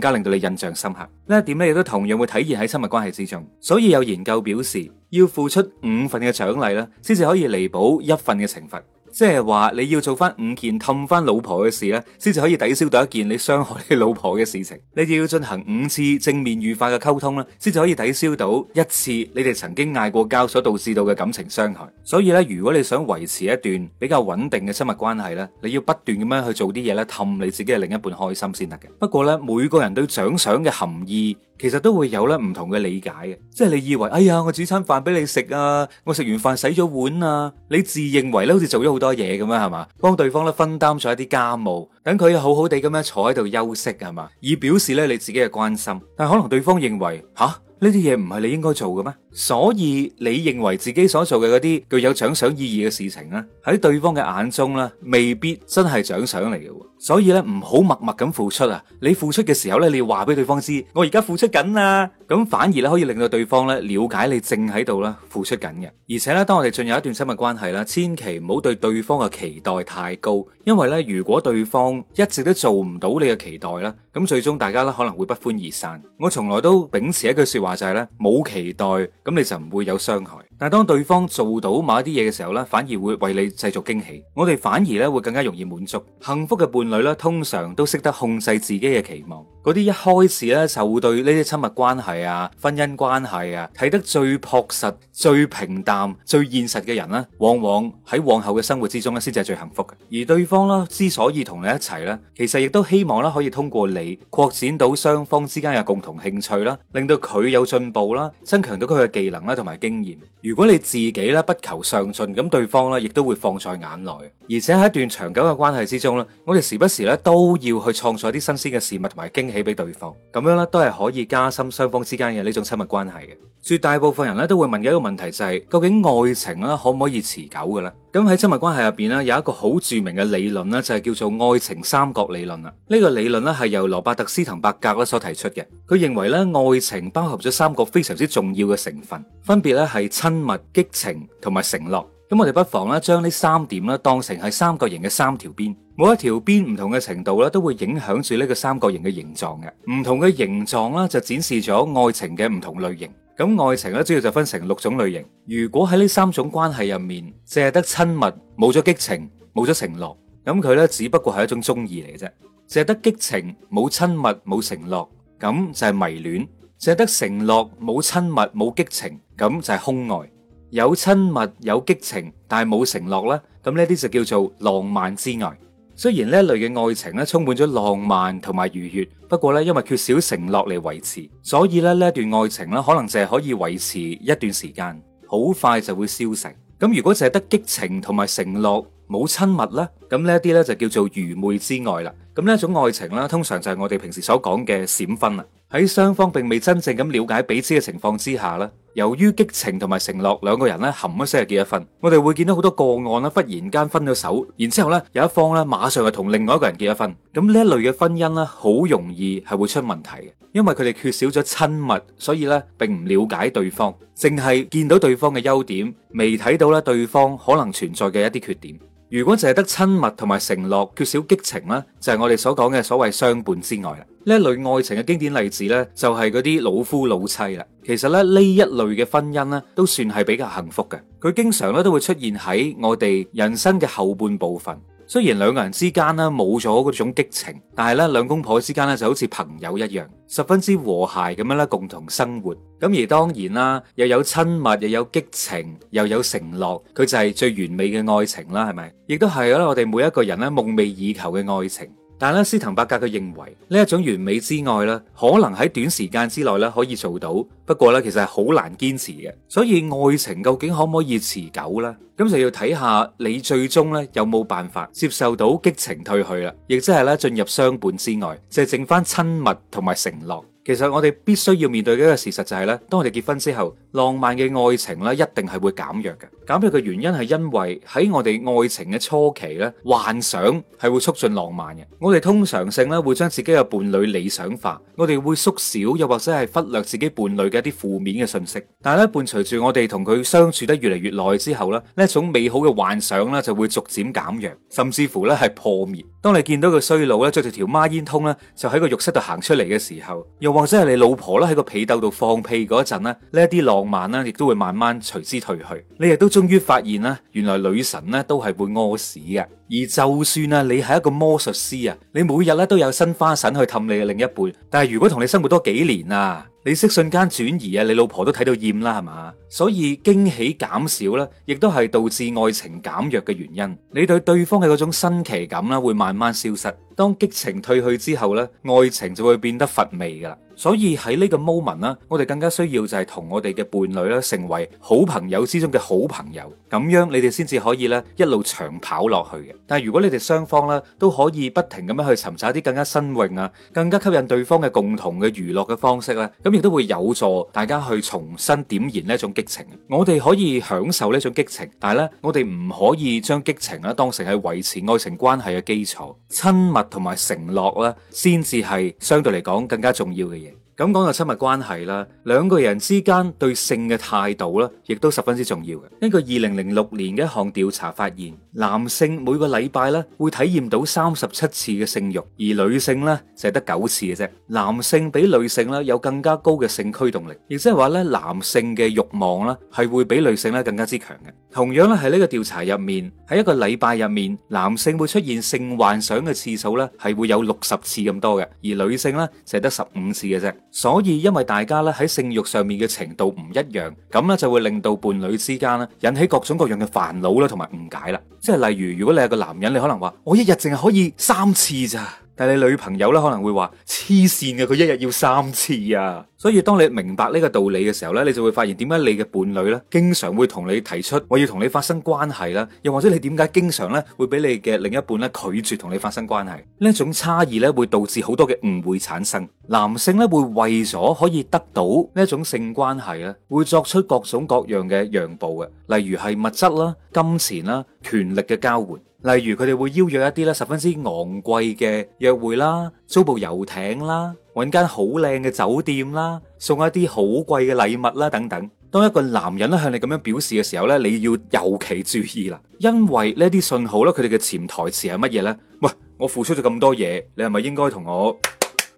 加令到你印象深刻。呢一點咧亦都同樣會體現喺親密關係之中。所以有研究表示，要付出五份嘅獎勵咧，先至可以彌補一份嘅懲罰。即係話你要做翻五件氹翻老婆嘅事咧，先至可以抵消到一件你傷害你老婆嘅事情。你哋要進行五次正面愉快嘅溝通啦，先至可以抵消到一次你哋曾經嗌過交所導致到嘅感情傷害。所以呢，如果你想維持一段比較穩定嘅親密關係呢，你要不斷咁樣去做啲嘢呢，氹你自己嘅另一半開心先得嘅。不過呢，每個人對獎賞嘅含義。其實都會有咧唔同嘅理解嘅，即係你以為，哎呀，我煮餐飯俾你食啊，我食完飯洗咗碗啊，你自認為咧好似做咗好多嘢咁啊，係嘛，幫對方咧分擔咗一啲家務，等佢好好地咁樣坐喺度休息，係嘛，以表示咧你自己嘅關心，但係可能對方認為，吓，呢啲嘢唔係你應該做嘅咩？所以你認為自己所做嘅嗰啲具有獎賞意義嘅事情咧，喺對方嘅眼中咧，未必真係獎賞嚟嘅。所以咧，唔好默默咁付出啊！你付出嘅時候咧，你要話俾對方知，我而家付出緊啦！咁反而咧，可以令到對方咧了解你正喺度啦，付出緊嘅。而且咧，當我哋進入一段親密關係啦，千祈唔好對對方嘅期待太高，因為咧，如果對方一直都做唔到你嘅期待啦，咁最終大家咧可能會不歡而散。我從來都秉持一句說話就係咧，冇期待。咁你就唔會有傷害。但係當對方做到某啲嘢嘅時候咧，反而會為你製造驚喜。我哋反而咧會更加容易滿足。幸福嘅伴侶咧，通常都識得控制自己嘅期望。嗰啲一開始咧就會對呢啲親密關係啊、婚姻關係啊睇得最樸實、最平淡、最現實嘅人咧，往往喺往後嘅生活之中咧，先至係最幸福嘅。而對方啦之所以同你一齊咧，其實亦都希望啦，可以通過你擴展到雙方之間嘅共同興趣啦，令到佢有進步啦，增強到佢嘅技能啦同埋經驗。如果你自己咧不求上進，咁對方咧亦都會放在眼內，而且喺一段長久嘅關係之中咧，我哋時不時咧都要去創造啲新鮮嘅事物同埋驚喜俾對方，咁樣咧都係可以加深雙方之間嘅呢種親密關係嘅。絕大部分人咧都會問嘅一個問題就係，究竟愛情啦可唔可以持久嘅咧？咁喺親密關係入邊咧有一個好著名嘅理論呢，就係叫做愛情三角理論啦。呢個理論呢係由羅伯特斯滕伯格咧所提出嘅，佢認為咧愛情包含咗三個非常之重要嘅成分，分別咧係親。密、激情同埋承諾，咁我哋不妨咧將呢三點咧當成係三角形嘅三條邊，每一條邊唔同嘅程度咧都會影響住呢個三角形嘅形狀嘅。唔同嘅形狀咧就展示咗愛情嘅唔同類型。咁愛情咧主要就分成六種類型。如果喺呢三種關係入面，淨係得親密，冇咗激情，冇咗承諾，咁佢咧只不過係一種中意嚟嘅啫。淨係得激情，冇親密，冇承諾，咁就係迷戀。淨係得承諾，冇親密，冇激情，咁就係空愛。有親密，有激情，但係冇承諾咧，咁呢啲就叫做浪漫之愛。雖然呢一類嘅愛情咧充滿咗浪漫同埋愉悅，不過咧因為缺少承諾嚟維持，所以咧呢段愛情咧可能就係可以維持一段時間，好快就會消失。咁如果淨係得激情同埋承諾，冇親密啦，咁呢一啲咧就叫做愚昧之愛啦。咁呢一種愛情咧，通常就係我哋平時所講嘅閃婚啦。喺雙方並未真正咁了解彼此嘅情況之下咧，由於激情同埋承諾，兩個人咧含一聲係結咗婚。我哋會見到好多個案啦，忽然間分咗手，然之後咧有一方咧馬上就同另外一個人結咗婚。咁呢一類嘅婚姻咧，好容易係會出問題嘅，因為佢哋缺少咗親密，所以咧並唔了解對方，淨係見到對方嘅優點，未睇到咧對方可能存在嘅一啲缺點。如果淨係得親密同埋承諾，缺少激情咧，就係、是、我哋所講嘅所謂相伴之愛啦。呢一類愛情嘅經典例子呢就係嗰啲老夫老妻啦。其實咧呢一類嘅婚姻呢都算係比較幸福嘅。佢經常咧都會出現喺我哋人生嘅後半部分。雖然兩個人之間咧冇咗嗰種激情，但係咧兩公婆之間咧就好似朋友一樣，十分之和諧咁樣咧共同生活。咁而當然啦，又有親密，又有激情，又有承諾，佢就係最完美嘅愛情啦，係咪？亦都係啦，我哋每一個人咧夢寐以求嘅愛情。但咧，斯滕伯格佢認為呢一種完美之愛咧，可能喺短時間之內咧可以做到，不過咧其實係好難堅持嘅。所以愛情究竟可唔可以持久呢？咁就要睇下你最終咧有冇辦法接受到激情退去啦，亦即係咧進入相伴之外，淨係剩翻親密同埋承諾。其實我哋必須要面對嘅一個事實就係咧，當我哋結婚之後，浪漫嘅愛情咧一定係會減弱嘅。減弱嘅原因係因為喺我哋愛情嘅初期咧，幻想係會促進浪漫嘅。我哋通常性咧會將自己嘅伴侶理想化，我哋會縮小又或者係忽略自己伴侶嘅一啲負面嘅信息。但係咧，伴隨住我哋同佢相處得越嚟越耐之後咧，呢一種美好嘅幻想咧就會逐漸減弱，甚至乎咧係破滅。當你見到個衰佬咧着住條孖煙通咧就喺個浴室度行出嚟嘅時候，又或者係你老婆咧喺個被竇度放屁嗰陣咧，呢一啲浪漫呢亦都會慢慢隨之退去。你亦都終於發現啦，原來女神呢都係會屙屎嘅。而就算啊，你係一個魔術師啊，你每日咧都有新花神去氹你嘅另一半，但係如果同你生活多幾年啊，你識瞬間轉移啊，你老婆都睇到厭啦，係嘛？所以驚喜減少啦，亦都係導致愛情減弱嘅原因。你對對方嘅嗰種新奇感啦，會慢慢消失。當激情退去之後咧，愛情就會變得乏味噶啦。所以喺呢個 moment 啦，我哋更加需要就係同我哋嘅伴侶啦，成為好朋友之中嘅好朋友，咁樣你哋先至可以咧一路長跑落去嘅。但係如果你哋雙方咧都可以不停咁樣去尋找一啲更加新穎啊、更加吸引對方嘅共同嘅娛樂嘅方式咧，咁亦都會有助大家去重新點燃呢一種激情。我哋可以享受呢種激情，但係咧我哋唔可以將激情咧當成係維持愛情關係嘅基礎，親密同埋承諾咧先至係相對嚟講更加重要嘅嘢。咁講到親密關係啦，兩個人之間對性嘅態度啦，亦都十分之重要嘅。根據二零零六年嘅一項調查發現，男性每個禮拜咧會體驗到三十七次嘅性慾，而女性呢就係得九次嘅啫。男性比女性呢有更加高嘅性驅動力，亦即係話呢男性嘅慾望呢係會比女性呢更加之強嘅。同樣咧喺呢個調查入面，喺一個禮拜入面，男性會出現性幻想嘅次數呢係會有六十次咁多嘅，而女性呢就係得十五次嘅啫。所以，因為大家咧喺性欲上面嘅程度唔一樣，咁咧就會令到伴侶之間咧引起各種各樣嘅煩惱啦，同埋誤解啦。即係例如，如果你係個男人，你可能話我一日淨係可以三次咋。但係你女朋友咧可能會話黐線嘅，佢一日要三次啊！所以當你明白呢個道理嘅時候呢，你就會發現點解你嘅伴侶咧，經常會同你提出我要同你發生關係啦，又或者你點解經常咧會俾你嘅另一半咧拒絕同你發生關係？呢種差異咧，會導致好多嘅誤會產生。男性咧會為咗可以得到呢種性關係咧，會作出各種各樣嘅讓步嘅，例如係物質啦、金錢啦、權力嘅交換。例如佢哋會邀約一啲咧十分之昂貴嘅約會啦，租部遊艇啦，搵間好靚嘅酒店啦，送一啲好貴嘅禮物啦，等等。當一個男人咧向你咁樣表示嘅時候呢，你要尤其注意啦，因為呢啲信號咧，佢哋嘅潛台詞係乜嘢呢？喂，我付出咗咁多嘢，你係咪應該同我？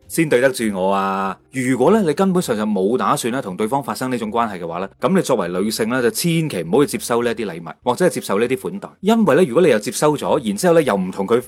先對得住我啊！如果咧你根本上就冇打算咧同對方發生呢種關係嘅話咧，咁你作為女性咧就千祈唔好去接收呢啲禮物，或者係接受呢啲款待，因為咧如果你又接收咗，然之後咧又唔同佢。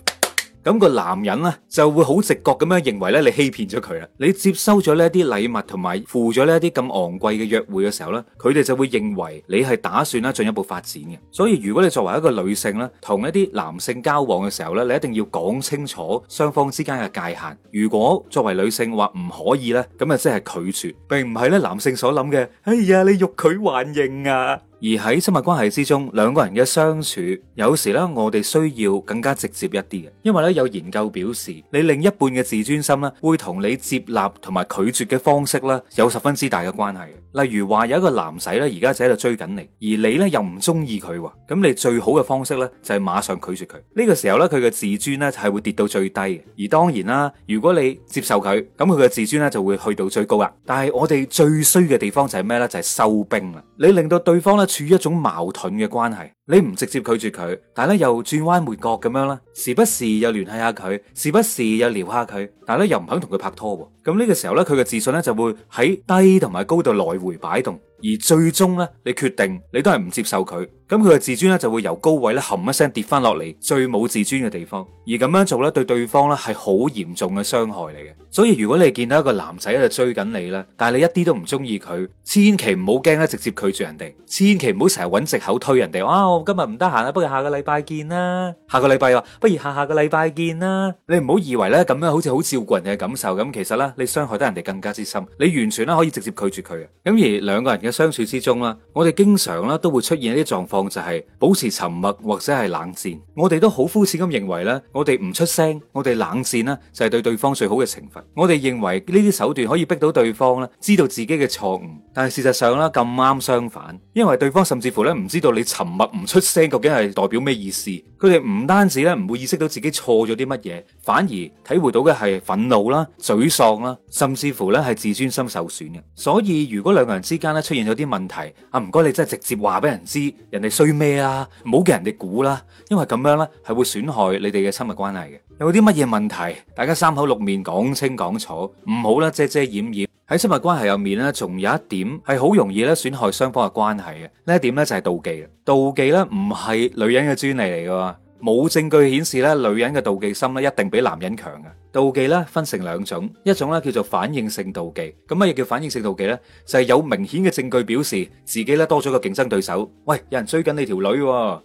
咁個男人咧就會好直覺咁樣認為咧，你欺騙咗佢啦，你接收咗呢一啲禮物同埋付咗呢一啲咁昂貴嘅約會嘅時候咧，佢哋就會認為你係打算咧進一步發展嘅。所以如果你作為一個女性咧，同一啲男性交往嘅時候咧，你一定要講清楚雙方之間嘅界限。如果作為女性話唔可以咧，咁啊即係拒絕，並唔係咧男性所諗嘅。哎呀，你欲拒還迎啊！而喺親密關係之中，兩個人嘅相處，有時咧我哋需要更加直接一啲嘅，因為咧有研究表示，你另一半嘅自尊心咧會同你接納同埋拒絕嘅方式咧有十分之大嘅關係。例如話有一個男仔咧而家就喺度追緊你，而你咧又唔中意佢，咁你最好嘅方式咧就係馬上拒絕佢。呢個時候咧佢嘅自尊咧就係會跌到最低嘅。而當然啦，如果你接受佢，咁佢嘅自尊咧就會去到最高啦。但係我哋最衰嘅地方就係咩咧？就係收兵啊！你令到對方咧。處於一種矛盾嘅關係，你唔直接拒絕佢，但係咧又轉彎抹角咁樣啦，時不時又聯繫下佢，時不時又撩下佢，但係咧又唔肯同佢拍拖。咁呢個時候咧，佢嘅自信咧就會喺低同埋高度來回擺動。而最終咧，你決定你都係唔接受佢，咁佢嘅自尊咧就會由高位咧冚一聲跌翻落嚟最冇自尊嘅地方。而咁樣做咧，對對方咧係好嚴重嘅傷害嚟嘅。所以如果你見到一個男仔喺度追緊你咧，但係你一啲都唔中意佢，千祈唔好驚咧，直接拒絕人哋。千祈唔好成日揾藉口推人哋。哇、啊，我今日唔得閒啦，不如下個禮拜見啦。下個禮拜啊，不如下下個禮拜見啦。你唔好以為咧咁樣好似好照顧人哋嘅感受咁，其實咧你傷害得人哋更加之深。你完全咧可以直接拒絕佢嘅。咁而兩個人相處之中啦，我哋經常咧都會出現一啲狀況，就係保持沉默或者係冷戰。我哋都好膚淺咁認為咧，我哋唔出聲，我哋冷戰呢就係對對方最好嘅懲罰。我哋認為呢啲手段可以逼到對方咧知道自己嘅錯誤，但係事實上咧咁啱相反，因為對方甚至乎咧唔知道你沉默唔出聲究竟係代表咩意思。佢哋唔單止咧唔會意識到自己錯咗啲乜嘢，反而體會到嘅係憤怒啦、沮喪啦，甚至乎咧係自尊心受損嘅。所以如果兩個人之間咧出有啲問題啊，唔該，你真係直接話俾人知，別別人哋衰咩啊，唔好叫人哋估啦，因為咁樣呢係會損害你哋嘅親密關係嘅。有啲乜嘢問題，大家三口六面講清講楚，唔好啦遮遮掩掩，掩。喺親密關係入面呢，仲有一點係好容易咧損害雙方嘅關係嘅。呢一點呢，就係妒忌，妒忌呢，唔係女人嘅專利嚟噶。冇證據顯示咧，女人嘅妒忌心咧一定比男人強嘅。妒忌咧分成兩種，一種咧叫做反應性妒忌，咁乜嘢叫反應性妒忌呢？就係有明顯嘅證據表示自己咧多咗個競爭對手，喂，有人追緊你條女，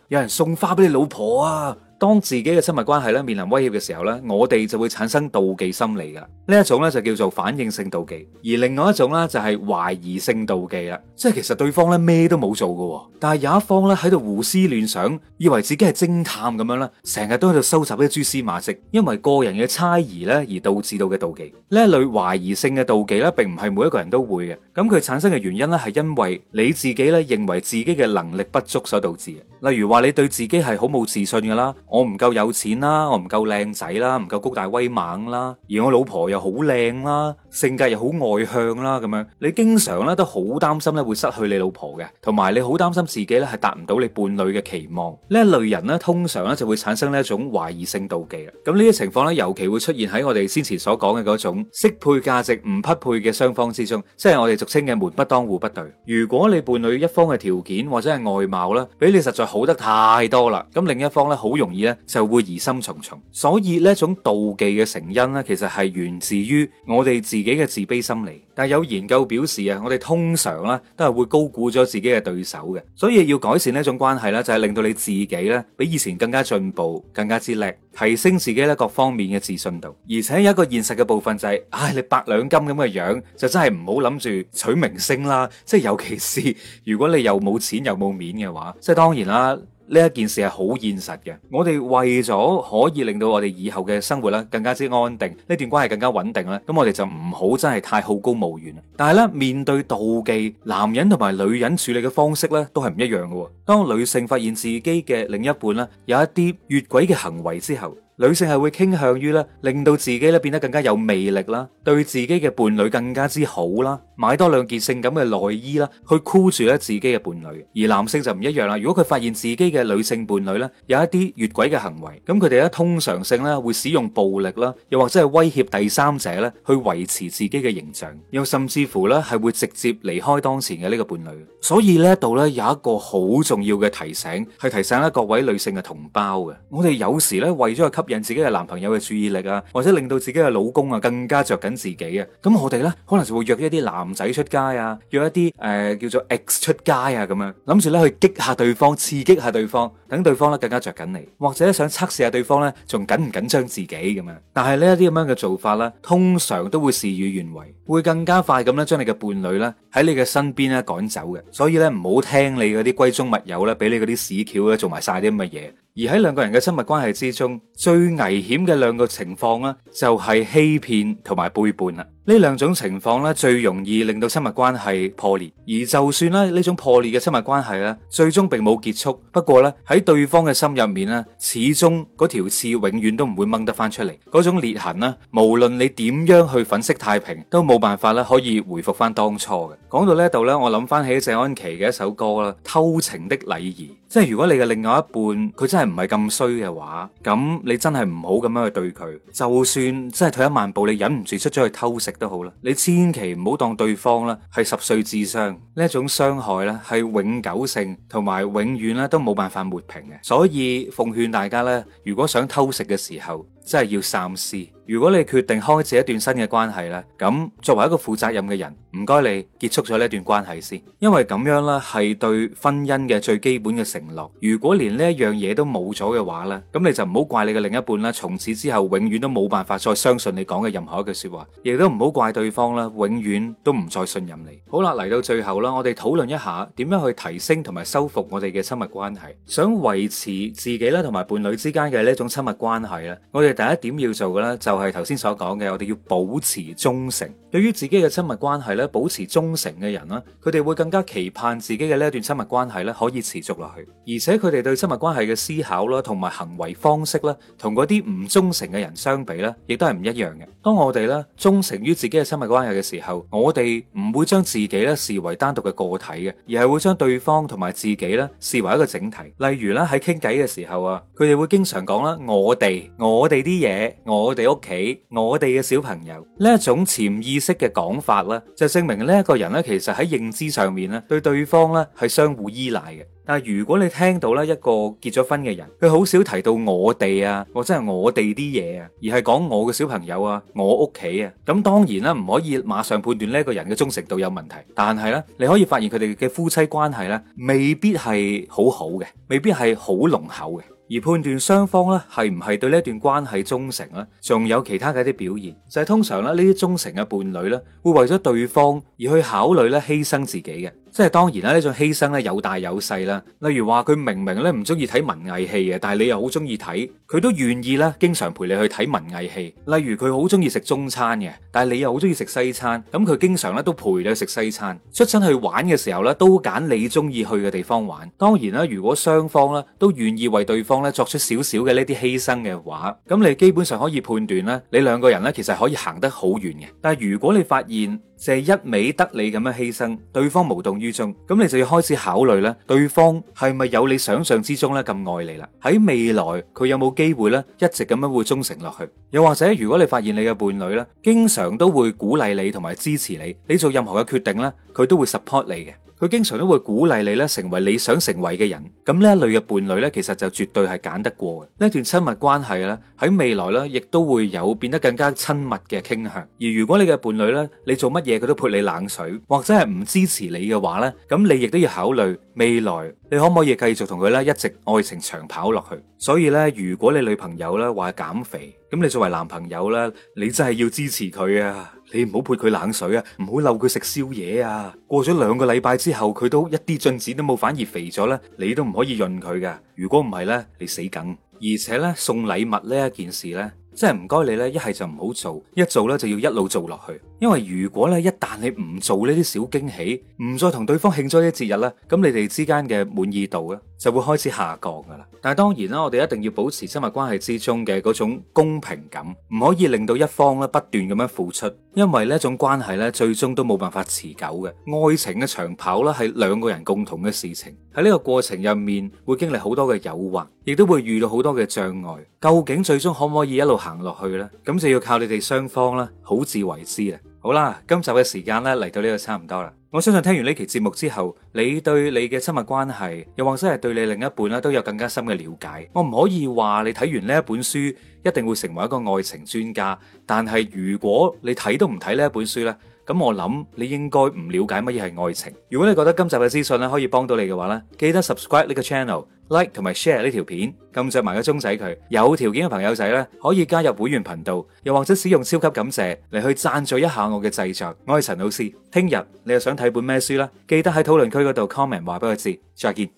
有人送花俾你老婆啊！當自己嘅親密關係咧面臨威脅嘅時候咧，我哋就會產生妒忌心理噶。呢一種咧就叫做反應性妒忌，而另外一種咧就係懷疑性妒忌啦。即係其實對方咧咩都冇做噶，但係有一方咧喺度胡思亂想，以為自己係偵探咁樣咧，成日都喺度收集一啲蛛絲馬跡，因為個人嘅猜疑咧而導致到嘅妒忌。呢一類懷疑性嘅妒忌咧，並唔係每一個人都會嘅。咁佢產生嘅原因咧，係因為你自己咧認為自己嘅能力不足所導致嘅。例如話你對自己係好冇自信㗎啦，我唔夠有錢啦，我唔夠靚仔啦，唔夠高大威猛啦，而我老婆又好靚啦。性格又好外向啦，咁樣你經常咧都好擔心咧會失去你老婆嘅，同埋你好擔心自己咧係達唔到你伴侶嘅期望。呢一類人咧通常咧就會產生呢一種懷疑性妒忌啦。咁呢啲情況咧尤其會出現喺我哋先前所講嘅嗰種適配價值唔匹配嘅雙方之中，即係我哋俗稱嘅門不當戶不對。如果你伴侶一方嘅條件或者係外貌啦，比你實在好得太多啦，咁另一方咧好容易咧就會疑心重重。所以呢一種妒忌嘅成因咧，其實係源自於我哋自自己嘅自卑心理，但係有研究表示啊，我哋通常咧都係會高估咗自己嘅對手嘅，所以要改善呢一種關係咧，就係令到你自己咧比以前更加進步、更加自立，提升自己咧各方面嘅自信度。而且有一個現實嘅部分就係，唉，你百兩金咁嘅樣就真係唔好諗住取明星啦，即係尤其是如果你又冇錢又冇面嘅話，即係當然啦。呢一件事係好現實嘅，我哋為咗可以令到我哋以後嘅生活咧更加之安定，呢段關係更加穩定咧，咁我哋就唔好真係太好高騖遠，但係咧面對妒忌，男人同埋女人處理嘅方式咧都係唔一樣嘅。當女性發現自己嘅另一半咧有一啲越軌嘅行為之後，女性係會傾向於咧令到自己咧變得更加有魅力啦，對自己嘅伴侶更加之好啦，買多兩件性感嘅內衣啦，去箍住咧自己嘅伴侶。而男性就唔一樣啦，如果佢發現自己嘅女性伴侶咧有一啲越軌嘅行為，咁佢哋咧通常性咧會使用暴力啦，又或者係威脅第三者咧去維持自己嘅形象，又甚至乎咧係會直接離開當前嘅呢個伴侶。所以呢一度咧有一個好重要嘅提醒，係提醒咧各位女性嘅同胞嘅，我哋有時咧為咗吸引，引自己嘅男朋友嘅注意力啊，或者令到自己嘅老公啊更加着緊自己啊，咁我哋咧可能就會約一啲男仔出街啊，約一啲誒、呃、叫做 X 出街啊，咁樣諗住咧去激下對方，刺激下對方。等對方咧更加着緊你，或者想測試下對方咧仲緊唔緊張自己咁樣。但係呢一啲咁樣嘅做法咧，通常都會事與願違，會更加快咁咧將你嘅伴侶咧喺你嘅身邊咧趕走嘅。所以咧唔好聽你嗰啲閨中密友咧俾你嗰啲屎橋咧做埋晒啲咁嘅嘢。而喺兩個人嘅親密關係之中，最危險嘅兩個情況啦，就係欺騙同埋背叛啦。呢兩種情況咧，最容易令到親密關係破裂。而就算咧呢種破裂嘅親密關係咧，最終並冇結束。不過咧喺對方嘅心入面咧，始終嗰條刺永遠都唔會掹得翻出嚟。嗰種裂痕咧，無論你點樣去粉飾太平，都冇辦法啦，可以回復翻當初嘅。講到呢度咧，我諗翻起謝安琪嘅一首歌啦，《偷情的禮儀》。即係如果你嘅另外一半佢真係唔係咁衰嘅話，咁你真係唔好咁樣去對佢。就算真係退一萬步，你忍唔住出咗去偷食。都好啦，你千祈唔好當對方啦，係十歲智商。呢種傷害咧，係永久性同埋永遠咧都冇辦法抹平嘅。所以奉勸大家咧，如果想偷食嘅時候，真係要三思。如果你決定開始一段新嘅關係咧，咁作為一個負責任嘅人，唔該你結束咗呢一段關係先，因為咁樣咧係對婚姻嘅最基本嘅承諾。如果連呢一樣嘢都冇咗嘅話咧，咁你就唔好怪你嘅另一半啦。從此之後，永遠都冇辦法再相信你講嘅任何一句說話，亦都唔好怪對方啦，永遠都唔再信任你。好啦，嚟到最後啦，我哋討論一下點樣去提升同埋修復我哋嘅親密關係，想維持自己咧同埋伴侶之間嘅呢一種親密關係咧，我哋。第一點要做嘅咧，就係頭先所講嘅，我哋要保持忠誠。對於自己嘅親密關係咧，保持忠誠嘅人啦，佢哋會更加期盼自己嘅呢一段親密關係咧可以持續落去，而且佢哋對親密關係嘅思考啦，同埋行為方式咧，同嗰啲唔忠誠嘅人相比咧，亦都係唔一樣嘅。當我哋咧忠誠於自己嘅親密關係嘅時候，我哋唔會將自己咧視為單獨嘅個體嘅，而係會將對方同埋自己咧視為一個整體。例如咧，喺傾偈嘅時候啊，佢哋會經常講啦，我哋，我哋。啲嘢，我哋屋企，我哋嘅小朋友，呢一種潛意識嘅講法啦，就證明呢一個人咧，其實喺認知上面咧，對對方咧係相互依賴嘅。但係如果你聽到咧一個結咗婚嘅人，佢好少提到我哋啊，或者係我哋啲嘢啊，而係講我嘅小朋友啊，我屋企啊，咁當然啦，唔可以馬上判斷呢一個人嘅忠誠度有問題。但係咧，你可以發現佢哋嘅夫妻關係咧，未必係好好嘅，未必係好濃厚嘅。而判斷雙方咧係唔係對呢一段關係忠誠咧，仲有其他嘅一啲表現，就係通常咧呢啲忠誠嘅伴侶咧，會為咗對方而去考慮咧犧牲自己嘅。即係當然啦，呢種犧牲咧有大有細啦。例如話佢明明咧唔中意睇文藝戲嘅，但係你又好中意睇，佢都願意咧經常陪你去睇文藝戲。例如佢好中意食中餐嘅，但係你又好中意食西餐，咁佢經常咧都陪你去食西餐。出親去玩嘅時候咧，都揀你中意去嘅地方玩。當然啦，如果雙方咧都願意為對方咧作出少少嘅呢啲犧牲嘅話，咁你基本上可以判斷咧，你兩個人咧其實可以行得好遠嘅。但係如果你發現，就係一味得你咁樣犧牲，對方無動於衷，咁你就要開始考慮咧，對方係咪有你想象之中咧咁愛你啦？喺未來佢有冇機會咧一直咁樣會忠誠落去？又或者如果你發現你嘅伴侶咧，經常都會鼓勵你同埋支持你，你做任何嘅決定咧，佢都會 support 你嘅。佢經常都會鼓勵你咧，成為你想成為嘅人。咁呢一類嘅伴侶咧，其實就絕對係揀得過嘅。呢段親密關係咧，喺未來咧亦都會有變得更加親密嘅傾向。而如果你嘅伴侶咧，你做乜嘢佢都潑你冷水，或者係唔支持你嘅話咧，咁你亦都要考慮未來你可唔可以繼續同佢咧一直愛情長跑落去。所以咧，如果你女朋友咧話減肥，咁你作為男朋友咧，你真係要支持佢啊！你唔好潑佢冷水啊，唔好漏佢食宵夜啊。過咗兩個禮拜之後，佢都一啲進展都冇，反而肥咗咧。你都唔可以潤佢噶如果唔係呢，你死梗。而且呢，送禮物呢一件事呢，真係唔該你呢，一係就唔好做，一做呢就要一路做落去。因為如果呢，一旦你唔做呢啲小驚喜，唔再同對方慶祝呢啲節日咧，咁你哋之間嘅滿意度咧，就會開始下降噶啦，但係當然啦，我哋一定要保持親密關係之中嘅嗰種公平感，唔可以令到一方咧不斷咁樣付出，因為呢種關係咧最終都冇辦法持久嘅。愛情嘅長跑啦，係兩個人共同嘅事情，喺呢個過程入面會經歷好多嘅誘惑，亦都會遇到好多嘅障礙。究竟最終可唔可以一路行落去呢？咁就要靠你哋雙方啦，好自為之啦。好啦，今集嘅時間咧嚟到呢度差唔多啦。我相信聽完呢期節目之後，你對你嘅親密關係，又或者係對你另一半咧，都有更加深嘅了解。我唔可以話你睇完呢一本書，一定會成為一個愛情專家，但係如果你睇都唔睇呢一本書呢。咁我諗你應該唔了解乜嘢係愛情。如果你覺得今集嘅資訊咧可以幫到你嘅話咧，記得 subscribe 呢個 channel，like 同埋 share 呢條片，撳着埋個鐘仔佢。有條件嘅朋友仔咧可以加入會員頻道，又或者使用超級感謝嚟去贊助一下我嘅製作。我係陳老師，聽日你又想睇本咩書呢？記得喺討論區嗰度 comment 話俾我知。再見。